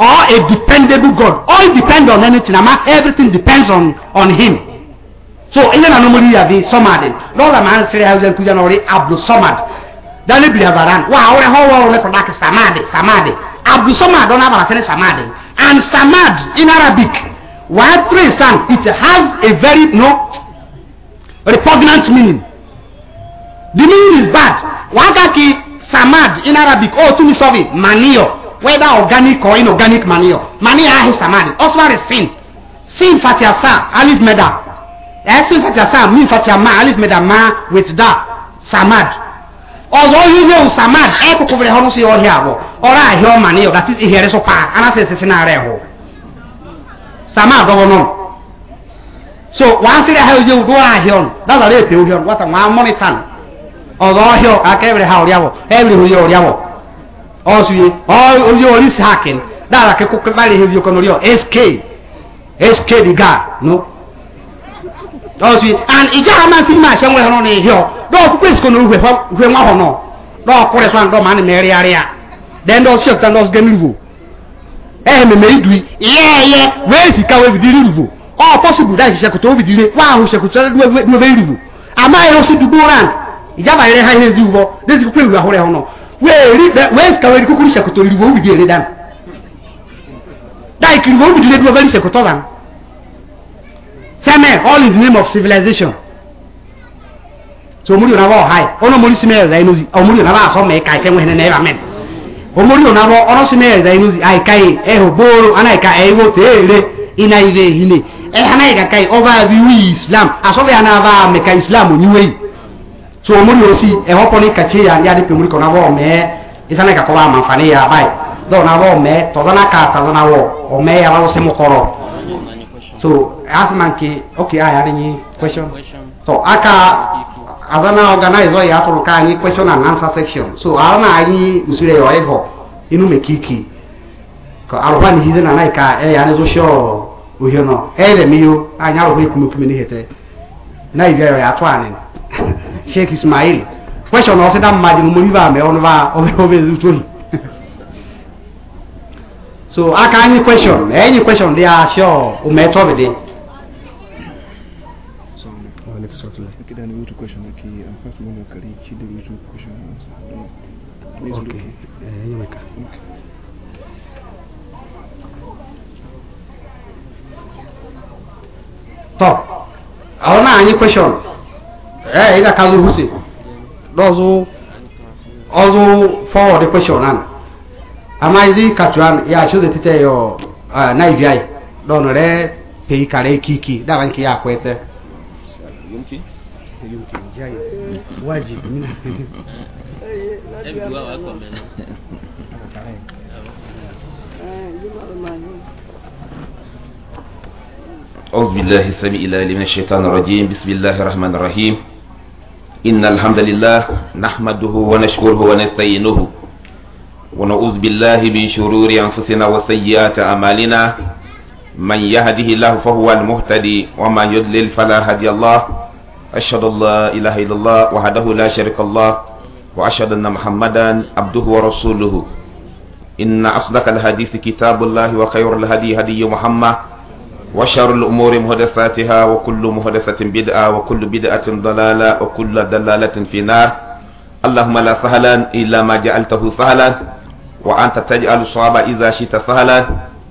or a dependable god all depend on anything ama everything depends on on him so ile na nomuri ya bi somadin lola man sire hausen kujanori abdul samad dani bilabaran wa ore ho wa ore kodaki samadi samadi abdul samad ona bara samadi and samad in arabic While three son, it has a very no repugnant meaning. The meaning is bad. Wakaki samad in Arabic, oh to me sorry, manure, whether organic or inorganic manure. Manure is samad. Also is sin. Sin fatia sa, alif meda. Eh, Sin fatia sa, min fatia ma, alif meda ma with da, samad. ọzọ ihe wu samad ekukubere eh, ha ọnụ si ọhịa abụọ ọrụ ahịa ọma n'iyo that is ihere so paa anasị esisi na-ara ehu sama dɔgɔ nɔn so wọn siri ahe oye udo ahion ah dada le pe orion wata wọn amoni tan ɔdɔ ɔhio aka ebire ha ɔriabɔ ebire oye ɔriabɔ ɔsuye ɔye ɔri sakin dada keko kebali hezi okɔ n'oriɔ sk sk di ga no ɔsuye and ìjà hama ti ma ahyɛn wɛhɛ no ne dɔw kúkú esiko na ohwɛ hwɛ nwa hɔ no dɔw kúrɛ so dɔw maa ni mɛ ɛriaria then dɔw si ɔkuta dɔw si gɛ nivu ẹ̀mẹ̀ mẹ́ẹ̀dùí yẹ́ẹ̀yẹ́ wẹ́ẹ̀ sì káwé bìdí rírùvò ọ pọ́sìbù dáì ṣẹkù tó bìdí rẹ wà áhùn ṣẹkù tó dúwẹ́ rírùvò àmà ẹ̀rọ sí dùgbò rán ìjábà ẹ̀rẹ́ hàn ẹ̀rẹ́ zíwọ́ lẹ́sìn kúkúrẹ́ ìwà ahọ́rẹ́ ọ̀nà wẹ́ẹ̀ sì káwé kúkúrú ṣẹkù tó rírùvò bìdí rẹ dánù dáì kìrìvò bìdí rẹ dúwẹ́ ṣẹkù tó dánù sẹ́mẹ̀ all in the name of civilization so omúlò náà wà ọ̀háì ọ̀nà omúlò sí mẹ́ẹ̀rẹ̀ ẹ̀nùzì omúlò náà wà àsọ mẹ́ẹ̀ka ìkẹ́wọ̀n ẹ̀nẹ́ ẹ̀rọ amẹ́ni omori onabo orosime eza inuzi aikai eho boro anaika ewo tere ina ile hine eh anaika kai oba biwi islam aso asobe anaba meka islam niwe so omori osi eho poni kache ya ya dipe muri konabo me isana ka koba mafani ya bai do nabo me na ka tazana wo ome ya bawo simu koro so asman ki okay i had any question so aka as an ya atụrụ ka anyị question and answer section so a na anyị osiri ya ịghọ inu meke kiki. ka na na anaghị ka e ya n'ezo shọ nọ ere eh, m anyị ekumekume n'ihete na ya atụ anyị <laughs> sheikh ismail question ọsị mmadụ na omoribe ame ọnụ ba <laughs> so aka anyị question enyi eh, question dị ya shọ not e, e e, a question like I'm first one of Kari Chido is a question answer. No. Please okay. Uh, you make okay. tọ ọ na anyị kweshọn ee ị ga-akazụ husi n'ọzụ ọzụ fọwọdụ kweshọn ahụ amaghịzi katuan ya achụzụ etite ya naijai dọnụrụ pei kara kiki, daba nke ya akwete يمكن جايز واجب منها أعوذ بالله السميع العليم من الشيطان الرجيم بسم الله الرحمن الرحيم إن الحمد لله نحمده ونشكره ونستعينه ونعوذ بالله من شرور أنفسنا وسيئات أعمالنا من يهده الله فهو المهتدي ومن يضلل فلا هادي الله أشهد أن لا إله إلا الله وحده لا شريك الله وأشهد أن محمدا عبده ورسوله إن أصدق الحديث كتاب الله وخير الهدي هدي محمد وشر الأمور محدثاتها وكل محدثة بدعة وكل بدعة ضلالة وكل دلالة في نار اللهم لا سهلا إلا ما جعلته سهلا وأنت تجعل الصعب إذا شئت سهلا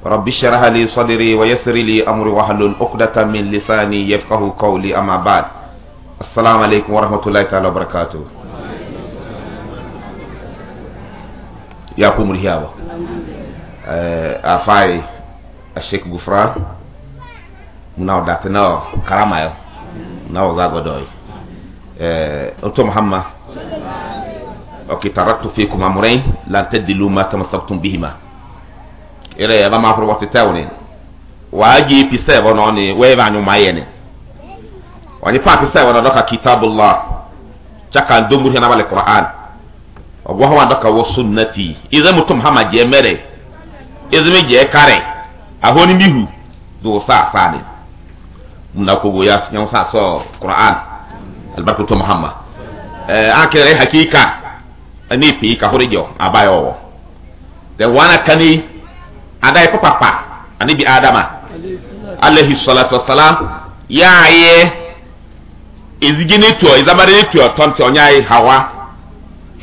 رب اشرح لي صدري ويسر لي أمري واحلل عقدة من لساني يفقه قولي أما بعد السلام عليكم ورحمة الله تعالى وبركاته يا قوم الهيابة آه، أفاي الشيخ غفرا مناو داتي ناو كرامايو ناو ذاقو دوي آه، أنتم محمد أوكي تركت فيكم أمرين لن تدلوا ما تمسكتم بهما إلى يا ما أفر وقت تاوني واجي في سيفون أوني ويفعني معينين wani papi sai wana doka kitabullah chaka ndomuri na wale qur'an ogwa hawa doka wo sunnati ize mutum hama je mere ize me je kare ahoni mihu do sa sane mna ko goya nyam sa so qur'an albarku to muhammad eh akere hakika ani e, pi ka horijo abayo de wana kani adai papa ani bi adama alayhi salatu wassalam ya ye ezige netu netuo ezabare netuo tɔnti ɔnya ye hawa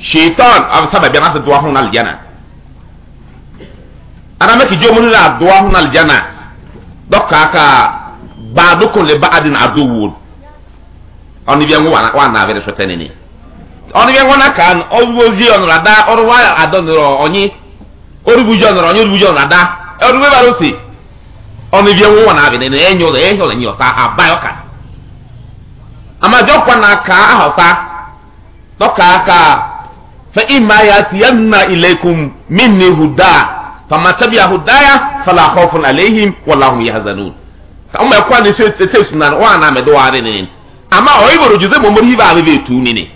shaitan abisaba bi anase doa ho na aljana anamɛ kijo mu nira doa ho na aljana dɔkaa ka baadukun le baadin ado wo ɔni bi ɛnwo wa na abɛrɛ sɔtɛ nini ɔni bi ɛnwo na kan ɔwuozi ɔnura da ɔruwa adɔ nira ɔnyi orubuji ɔnura ɔnyi orubuji ɔnura da ɔruwa ba lɔsi ɔni bi ɛnwo wa na abɛrɛ nini ɛnyɔ ɛnyɔ lɛ nyi ɔsa abayɔ kan. amma jokwa na ka ahasa to ka ka fa imma yatiyanna ilaykum minni huda fama tabi'a hudaya fala khawfun alaihim wala hum yahzanun ta amma kwa ni se te sunan wa na me do are ni amma o iboro juze mo mori ba be tu ni ni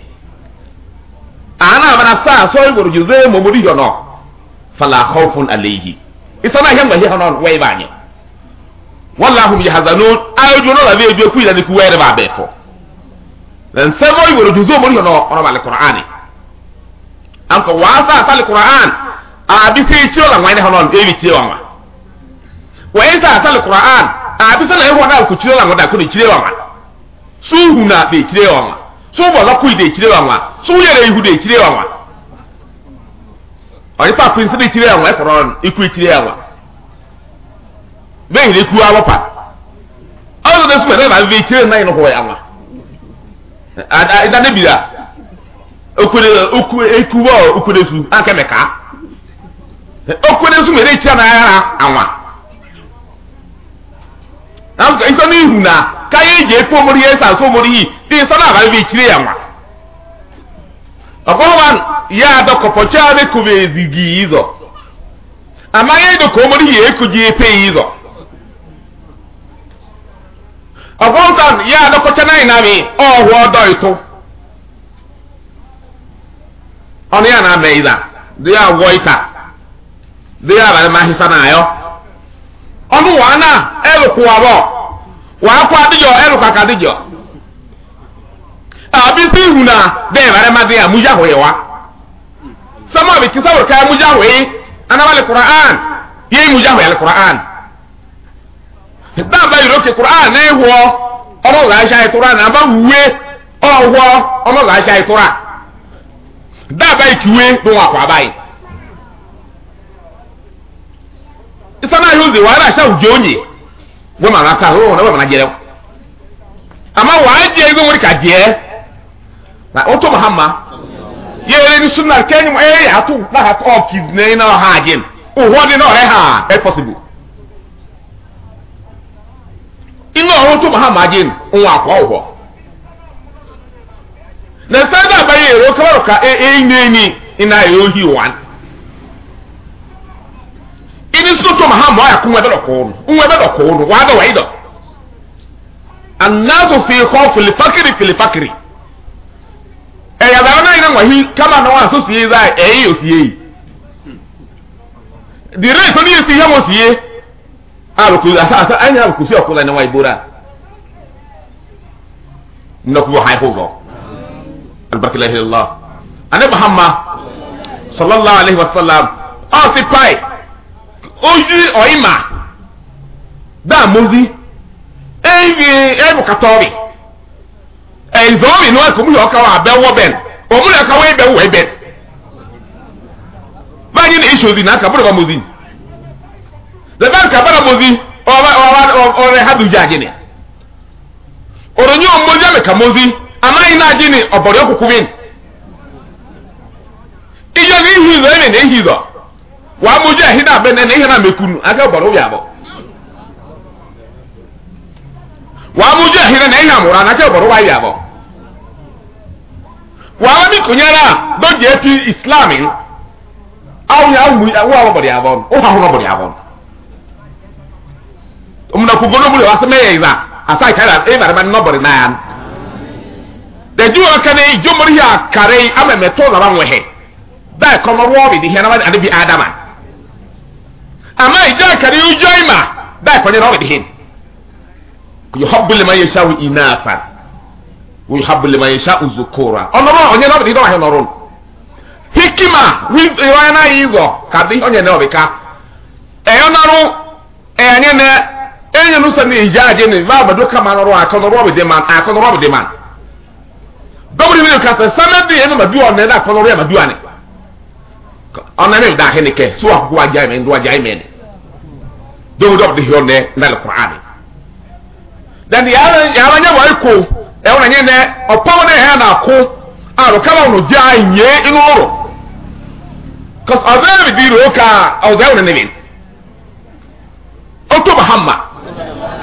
ana bana sa so iboro juze mo mori yo no fala khawfun alaihi isana hemba hi hanon wa ibanye wala hum yahzanun ayo jono la be jo ku ila ni ku were ba be fo nsɛm ɔyi wɔlɔ tuzo mori yɔnɔ ɔnɔba le kur'ani anka waasa asa le kur'an aabi se ekyirɛ la ŋwɛni hɔnɔ ebi kyirɛ wa ma wɔyi sa asa le kur'an aabi se na ehɔ na ko kyirɛ la ŋwɛda ko ne kyirɛ wa ma suhu na de kyirɛ wa ma suhu bɔ lɔkui de kyirɛ wa ma suhu yɛrɛ ihu de kyirɛ wa ma ɔyi pa pinsi de kyirɛ wa ma ɛkɔrɔ iku kyirɛ wa ma bɛyi de ku awɔ pa ɔyɔ de sumɛ dɛ na bi kyirɛ na yi no ya ma. ịda a okwere okwu ekuwa okwere esu anke meka okwere nwere echi na ara anwa na nsọ n'ihu na ka ya eji ekwu omori ihe esa asụ omori iyi dị nsọ na bụ echiri ya nwa ọkọwa ya adọkọpọ ịzọ amaghị edo ka omori ekuji epe ya ịzọ ọgọ́nkàn yá ya náà na ọ̀hù ọ̀dọ́ ìtú ọ̀nà yà nà ya dí yà dị ìta dí yà bàrẹ̀ máa hìsà náà yọ. ọ̀nù wà á náà ẹ̀rù kù wà bọ̀ wà á kọ́ adíjọ ẹ̀rù kàkà adíjọ. ihu na ìhù náà bẹ́ẹ̀ bàrẹ̀ máa dé ka dábàá yìí anyị quran a na ọlọ́gàá aṣa ìtura náà bá wúwe ọwọ́ ọlọ́gàá aṣa ìtura dábàá ìkìwé ló wà kó abáyé. ìsáná yóò zè wàhálà aṣa òjò ònyè onye màá ká wọ́n wọ́n màá jẹrẹ wọ́n. àmọ́ wàá jẹ ẹgbẹ́ na ó tó mahama yẹ́rẹ́ ní sunnah kẹ́yìn ẹ̀yà tó náà ọ̀ ha ha inú ọ̀run tó mahama ajé nù òun àpọ̀ ọ̀họ̀ na sáadà abayé èrò kọ́rọ̀ ka ẹ̀yìn ẹ̀yìn iná ẹ̀yọ hi wọn ẹni sọ tó mahama ọ̀yà kún wọn ẹ̀bẹ̀ dọ̀kọ̀ ọ̀nù òun ẹ̀bẹ̀ ọ̀nù wọn adọ̀ wáyé dọ̀ anáàtò fi kọ́ filifakiri filifakiri ẹ̀yà bàbá náà yẹn wọ̀nyí kama náà wọn àsọ sí yé zá ẹ̀yẹ yóò sí yé yìí dìrẹ́ ìtọ́ ní sí yẹ́ wọ́n sí yé abuku asa asa anya abuku si ọkụla na nwaanyị bora nnọkwu bụ ha ihe ụzọ albarkila ihe lọ ane muhammad sallallahu alaihi wasallam ọ si pai oyi ọima daa mozi eyi ebu katọri ẹnzọmi ni wọn kò múlò ọkà wọn abẹ wọ bẹn òmúlò ọkà wọn ẹbẹ wọ ẹbẹ báyìí ni iṣu zi n'aka bọ́dọ̀ bá mozi zebaka bara mozi ọrẹ ha duji ajini oronyi amị ka mozi anaghị na ajini ọbọrọ ọkụkụ bin ijọ na ihi ụzọ eme na ihi ụzọ wa moji ahi na abene na ihe na mekunu aga ọbọrọ ụbịa abụọ wa moji ahi na ihe amụrụ anaka ọbọrọ ụwa abịa abụọ wa ami kunyara doji eti islam awụ ya awụ ya ọbọrọ ya abụọ ụha ọbọrọ ya abụọ omuna kugo no mule waseme yeza asai kaira eva rema nobori na yan de ju oka ne ju ya karei ame meto na banwe he da ko mo wo bi di hena ba ade bi adama ama ija kare u joima da ko ne ro bi di hen ku yuhabbu liman yashau inafa wa yuhabbu liman yashau zukura ono ro onye ro bi di do he no ron hikima wi ro na yigo ka bi onye ne obika eyo na ro ne enyo no sani eya adi ne va abado kama no ro ato no ro be man ato no ro be man dobri mi ka se sama bi eno ma bi on na ko no ro ma bi ane ona ne da hene ke so ko aja me ndo aja me ne do do de hyo ne na le qur'an dan ya ya banya wa ko e wona nye ne opawo ne he na ko aro kama no ja nye ino ro cause abere bi ro ka o da ne bin oto muhammad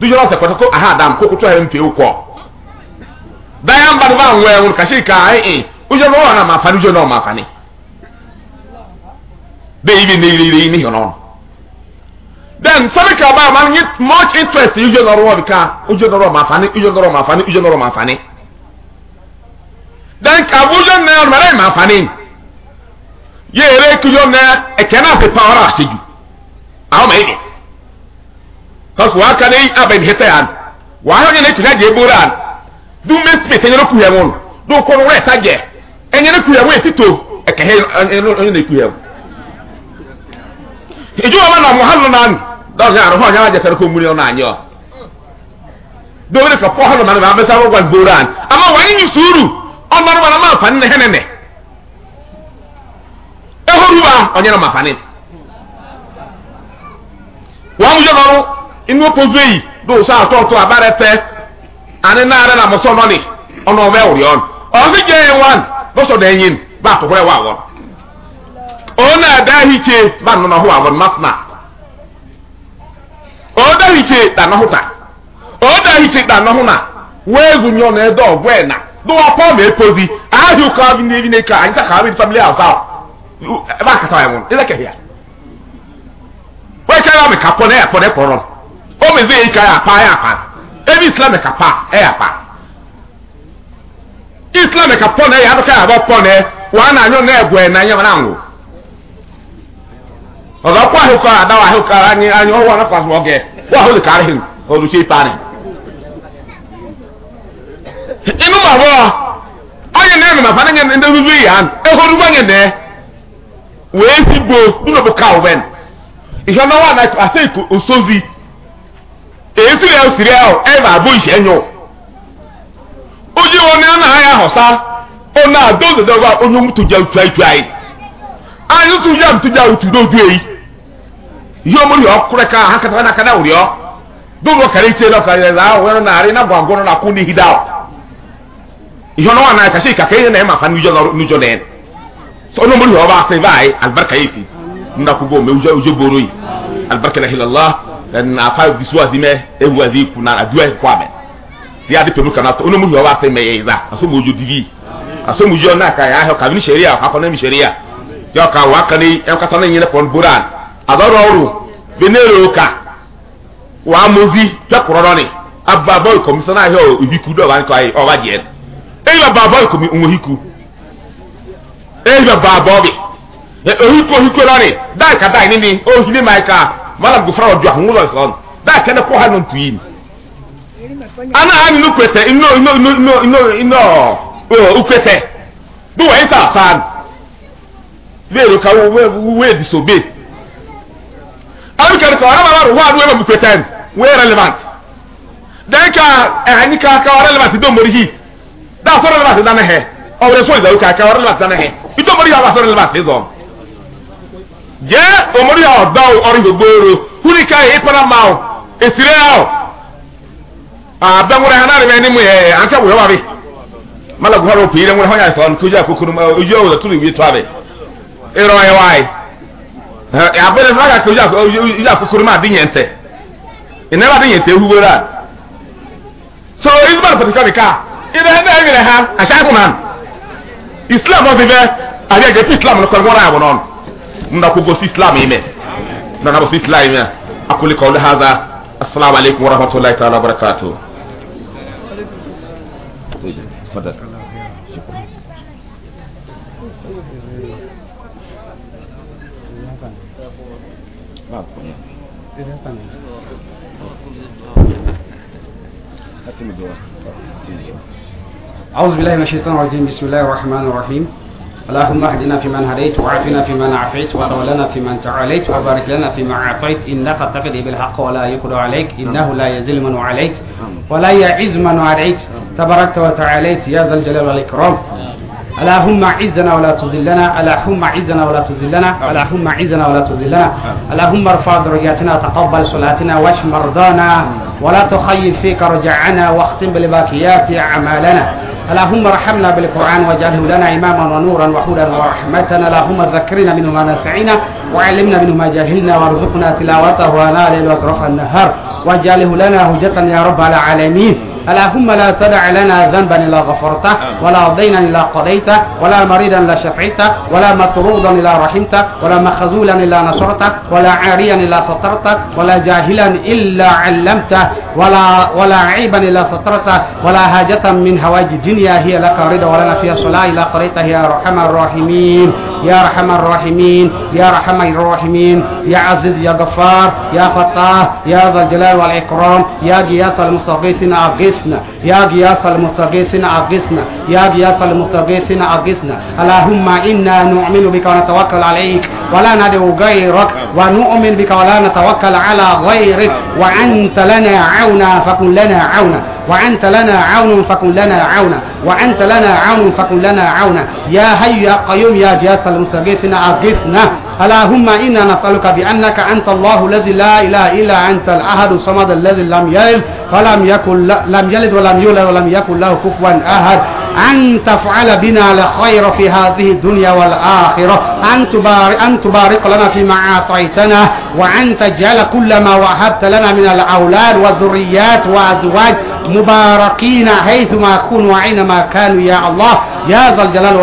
dujɔlɔ sɛ kɔtɔ ko aha dam ko kutu hɛrɛ mfe wokɔ dayan ba ba nwɛ wɔn kasi ka ayi ɛn ujɔlɔ wɔn na ma fa ni ujɔlɔ ma fa ni bɛyi bi ne yiri ne yɔnɔ then sɔmi ka ba ma nye much interest ujɔlɔ wɔ bi ka ujɔlɔ ma fa ni ujɔlɔ ma fa ni ujɔlɔ ma fa ni then ka ujɔlɔ na yɔrɔ mɛrɛ ma fa ni yɛ yɛrɛ kujɔ na ɛkɛ na fi pa ɔrɔ a se ju awɔ ma yi ni parce que waka ne aben heta yan wa ha ne tina je buran du me spe te nyoro kuya mon do ko no reta je enye ne kuya mo etito e ke he enye ne kuya ijo ma na muhallu nan da ga ro ha ja ja tar ko muri ona anyo do ne ka pohalo man ma besa wa buran ama wa ni suru ona ro ma ma fan ne henene ehoruwa onye na ma fanin wa mu jo inú opozo yìí dòwò sọ àtọ̀tọ̀ abárẹ́tẹ́ àní náírà nà mọ̀sọ́ nọ́ni ọ̀nà ọ̀bẹ òrìọ́n ọ̀sìn jẹ́ ẹ̀ wán bọ́sọ̀ dẹ̀ ẹ̀yìn bá àtọ̀kọ́rẹ́ wà wọ́n. òun náà dá hìkye bá nínú ọ̀hún àwọn mọ́tìmá òun dá hìkye dáná hù ta òun dá hìkye dáná hù na wéèzù nyọ́ na ẹ̀dọ́ ọ̀gbọ́ ẹ̀ na dòwò apọ́ mẹ́ pozi ààhì òkú àbí ní ebi n'eka àyíká kàwé family house out ẹ bá kàtà ẹ̀ wọn ẹ̀ lẹ́kẹ̀ hìá wọ́n kẹ́ ẹ̀ bá mi kà pọ̀ náà ẹ̀ pọ̀ náà ẹ̀ pọ̀ náà. o mezi eyi ka ya apa ya apa ebe islam ka pa e ya apa islam ka pọ na ya adọ ya bọ pọ na na anyọ na ẹ na ẹ na nwọ ọ̀dọ̀ kọ́ àhìkọ́ àdá anyị àhìkọ́ ara ní anyọ ọwọ́ ọ̀nà kwasọ̀ ọ̀gẹ̀ wee si èyí tí lẹ́yìn sírẹ́ ọ̀ ẹ̀ bá bó ìṣẹ́ yàn ojú wọn ni a náà yà hàn sá ọ̀nà àdóòdòdọ́gba onye tu tujà òtù àìtù àyè àyè tujà tujà òtù lójú èyí yóò mú yọ ọkùnrin ká hàn kàtàkà náà kàdá òrìọ dóòdò kàrí tiẹ̀ lọ kàrí ẹ̀dá ọ̀wẹ́rẹ́ náà rí nàgbọ̀ àgọ́rọ̀ náà kú ní hídà ọ̀ ìyọ̀n náà wà náà kàṣe ìkàkẹ́ yẹn náà ẹ̀ máa fa níjọ́ náà sọ́nà mú yọ ọba àṣẹ báyìí alibarika yìí fi nínú àkókò mẹ́wùjọ́ ojú gbòòrò yìí alibarika náà hìlọ́lá na afa bisuwazi mɛ ewuwazi kuna aduwa na amɛ ti adi pɛmu kana tɔ onomu yɔ wa se mɛ yɛyiza asomudzo divi asomudzo na ka yahɛ kabini sariya akɔ nɛmi sariya yɔ ka wa kani ɛkasa ne nyina pɔn boran adɔrɔworo benero ka e wa mozi tɛ dɔ wa nkɔ ayi ɔba diɛ eyi ba eyi ba ohiku dai ka dai nini malam gufra wa juax ngulo islan da kana ko hanun tuyin ana ani no kwete ino ino ino ino ino ino o oh, ukwete do wa isa san vero ka we we disobey alika ka ara mara ruwa do we kwete we relevant dan ka ani eh, ka ka relevant do mori hi da so relevant da na he o re so da ka ka relevant da na ito mori ka so relevant do jẹ́ omori ọ̀dọ́ ọ̀rìn gbogbo ero húnìkà yìí ìpàdà máa ọ̀ èsìrè ọ̀ àbẹ̀wòrán náà rẹ̀ ní mu ẹ̀ àǹkẹ́wò yọ̀wá rẹ̀ malagu hɔrɔ pii dɛ ŋun hɔn yɛ sɔn kuja kukuru ma ojú ɔwò tulu wi tɔ abɛ erɔ yɛ wa yi abɛlɛ fún akakɛ ojú akukuru ma adi nyɛntɛ ìnáwó adi nyɛntɛ ewu ra so ismail pɔtikɔ bi ká ibɛ ɛnɛ ɛyẹrɛ ha ahyɛn kò nan islam ɔbi bɛ àbí ɛgẹ fi islam kɔrɔ wọn ayɛ wọn nọ. mna kugosi islam ime na nabosi islam ime akuli kauli hadha assalamu alaikum warahmatullahi taala wabarakatuh تفضل أعوذ بالله من الشيطان الرجيم بسم الله الرحمن الرحيم اللهم اهدنا فيمن هديت وعافنا فيمن عافيت وتولنا فيمن تعاليت وبارك لنا فيما اعطيت انك تقضي بالحق ولا يقضى عليك انه لا يزل من عليت ولا يعز من عليت تبارك وتعاليت يا ذا الجلال والاكرام اللهم عزنا ولا تذلنا اللهم عزنا ولا تذلنا اللهم عزنا ولا تذلنا اللهم ارفع درجاتنا تقبل صلاتنا واشف مرضانا ولا تخيب فيك رجعنا واختم بالباكيات اعمالنا اللهم ارحمنا بالقران واجعله لنا اماما ونورا وهدى ورحمه اللهم ذكرنا منه ما نسعنا وعلمنا منه ما جهلنا وارزقنا تلاوته وانا ليل واطراف النهار واجعله لنا هجه يا رب العالمين اللهم لا تدع لنا ذنبا إلا غفرته ولا دينا إلا قضيته ولا مريضا إلا شفعته ولا مطرودا إلا رحمته ولا مخزولا إلا نصرته ولا عاريا إلا سترته ولا جاهلا إلا علمته ولا ولا عيبا إلا سترته ولا حاجة من هواج الدنيا هي لك رضا ولنا فيها صلاة إلا قريتها يا أرحم الراحمين يا رحم الراحمين يا رحم الراحمين يا عزيز يا غفار يا فتاح يا ذا الجلال والإكرام يا غياث المستغيثين أغثنا يا غياث المستغيثين أغثنا يا غياث المستغيثين أغثنا اللهم إنا نؤمن بك ونتوكل عليك ولا ندعو غيرك ونؤمن بك ولا نتوكل على غيرك وأنت لنا عونا فكن لنا عونا وأنت لنا عون فكن لنا عونا وأنت لنا عون فكن لنا عونا يا حي يا قيوم يا جاس المستغيثنا أغثنا اللهم إنا نسألك بأنك أنت الله الذي لا إله إلا أنت الأحد الصمد الذي لم يلد ولم يكن لم يلد ولم يولد ولم يكن له كفوا أحد أن تفعل بنا لخير في هذه الدنيا والآخرة أن تبارك, أن تبارك لنا فيما أعطيتنا وأن تجعل كل ما وهبت لنا من الأولاد والذريات وأزواج مباركين حيثما كونوا وأينما كانوا يا الله يا ذا الجلال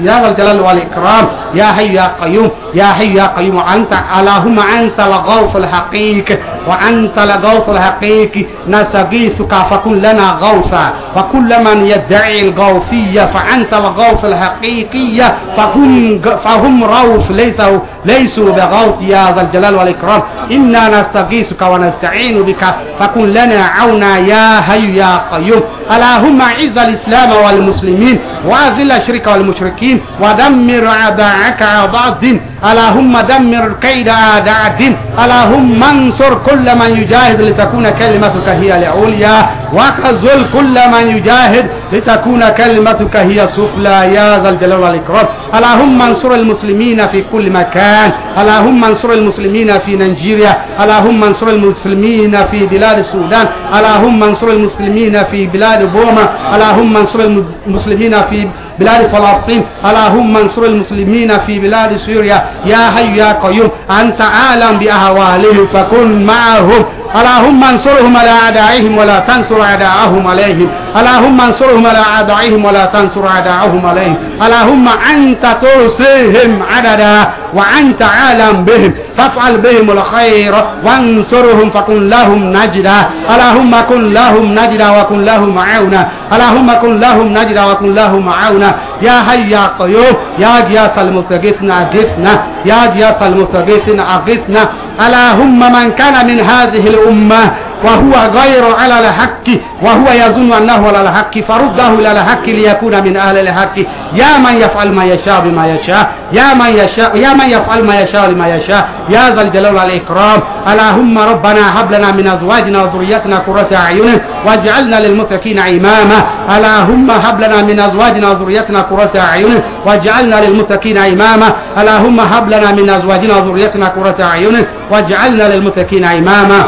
يا ذا الجلال والإكرام يا حي يا قيوم يا حي يا قيوم أنت اللهم أنت الغوث الحقيقي وأنت الغوث الحقيقي نستغيثك فكن لنا غوثا وكل من يدعي الغوث الغوثية فأنت الغوث الحقيقية فهم, فهم روث ليسوا, ليسوا بغوث يا ذا الجلال والإكرام إنا نستغيثك ونستعين بك فكن لنا عونا يا هي يا قيوم اللهم عز الإسلام والمسلمين وأذل الشرك والمشركين ودمر أعداءك أعداء الدين اللهم دمر كيد أعداء الدين اللهم انصر كل من يجاهد لتكون كلمتك هي العليا واخذل كل من يجاهد لتكون كلمتك كلمتك هي سفلى يا ذا الجلال والإكرام اللهم انصر المسلمين في كل مكان اللهم انصر المسلمين في نيجيريا اللهم انصر المسلمين في بلاد السودان اللهم انصر المسلمين في بلاد بوما اللهم انصر المسلمين في بلاد فلسطين اللهم انصر المسلمين في بلاد سوريا يا حي يا قيوم أنت عالم بأهوالهم فكن معهم اللهم انصرهم على أعدائهم ولا تنصر أعداءهم عليهم اللهم انصرهم على أعدائهم ولا تنصر أعداءهم عليهم اللهم أنت ترسيهم عددا وأنت عالم بهم فافعل بهم الخير وانصرهم فكن لهم نجدا اللهم كن لهم نجدا وكن لهم عونا اللهم كن لهم نجدا وكن لهم عونا يا حي يا قيوم يا جياس المستغيثنا أغثنا يا جياس المستغيثنا أغثنا اللهم من كان من هذه الأمة وهو غير على الحق وهو يظن أنه على الحق فرده إلى الحق ليكون من أهل الحق يا من يفعل ما يشاء بما يشاء يا من يشاء يا من يفعل ما يشاء بما يشاء يا ذا الجلال والإكرام اللهم ربنا هب لنا من أزواجنا وذريتنا قرة أعين واجعلنا للمتقين إماما اللهم هب لنا من أزواجنا وذريتنا قرة أعين واجعلنا للمتقين إماما اللهم هب لنا من أزواجنا وذريتنا قرة أعين واجعلنا للمتقين إماما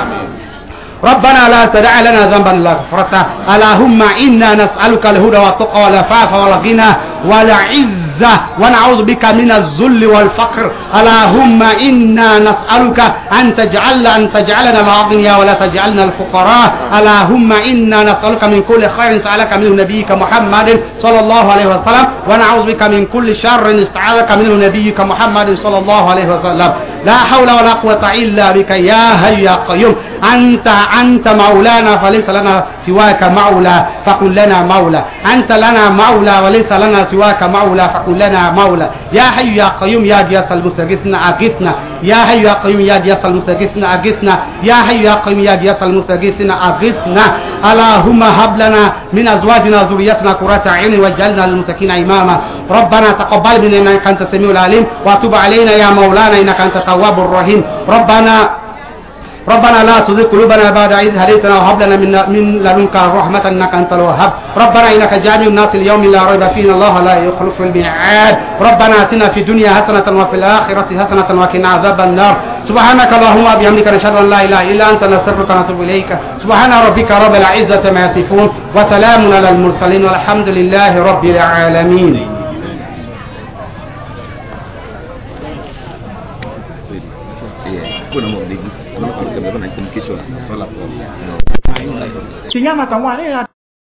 ربنا لا تدع لنا ذنبا لا غفرته اللهم إنا نسألك الهدى والتقى والعفاف والغنى والعزة ونعوذ بك من الذل والفقر اللهم إنا نسألك أن تجعل أن تجعلنا الأغنياء ولا تجعلنا الفقراء اللهم إنا نسألك من كل خير سألك منه نبيك محمد صلى الله عليه وسلم ونعوذ بك من كل شر استعاذك منه نبيك محمد صلى الله عليه وسلم لا حول ولا قوة إلا بك يا هيا يا قيوم أنت أنت مولانا فليس لنا سواك مولى فقل لنا مولى أنت لنا مولى وليس لنا سواك مولى فقل لنا مولى يا حي يا قيوم يا جياس المستغيثنا أغثنا يا حي يا قيوم يا دياس المستغيثنا أغثنا يا حي يا قيوم يا دياس المستغيثنا أغثنا اللهم هب لنا من أزواجنا وذريتنا قرة عين واجعلنا للمتقين إماما ربنا تقبل منا إنك أنت السميع العليم وتب علينا يا مولانا إنك أنت التواب الرحيم ربنا ربنا لا تزغ قلوبنا بعد إذ هديتنا وهب لنا من من لدنك رحمة إنك أنت الوهاب ربنا إنك جامع الناس اليوم لا ريب فيه إن الله لا يخلف الميعاد ربنا آتنا في الدنيا حسنة وفي الآخرة حسنة وقنا عذاب النار سبحانك اللهم وبحمدك نشهد أن لا إله إلا أنت نستغفرك ونتوب إليك سبحان ربك رب العزة ما يصفون وسلام على المرسلين والحمد لله رب العالمين Bueno, que me van a decir que hizo la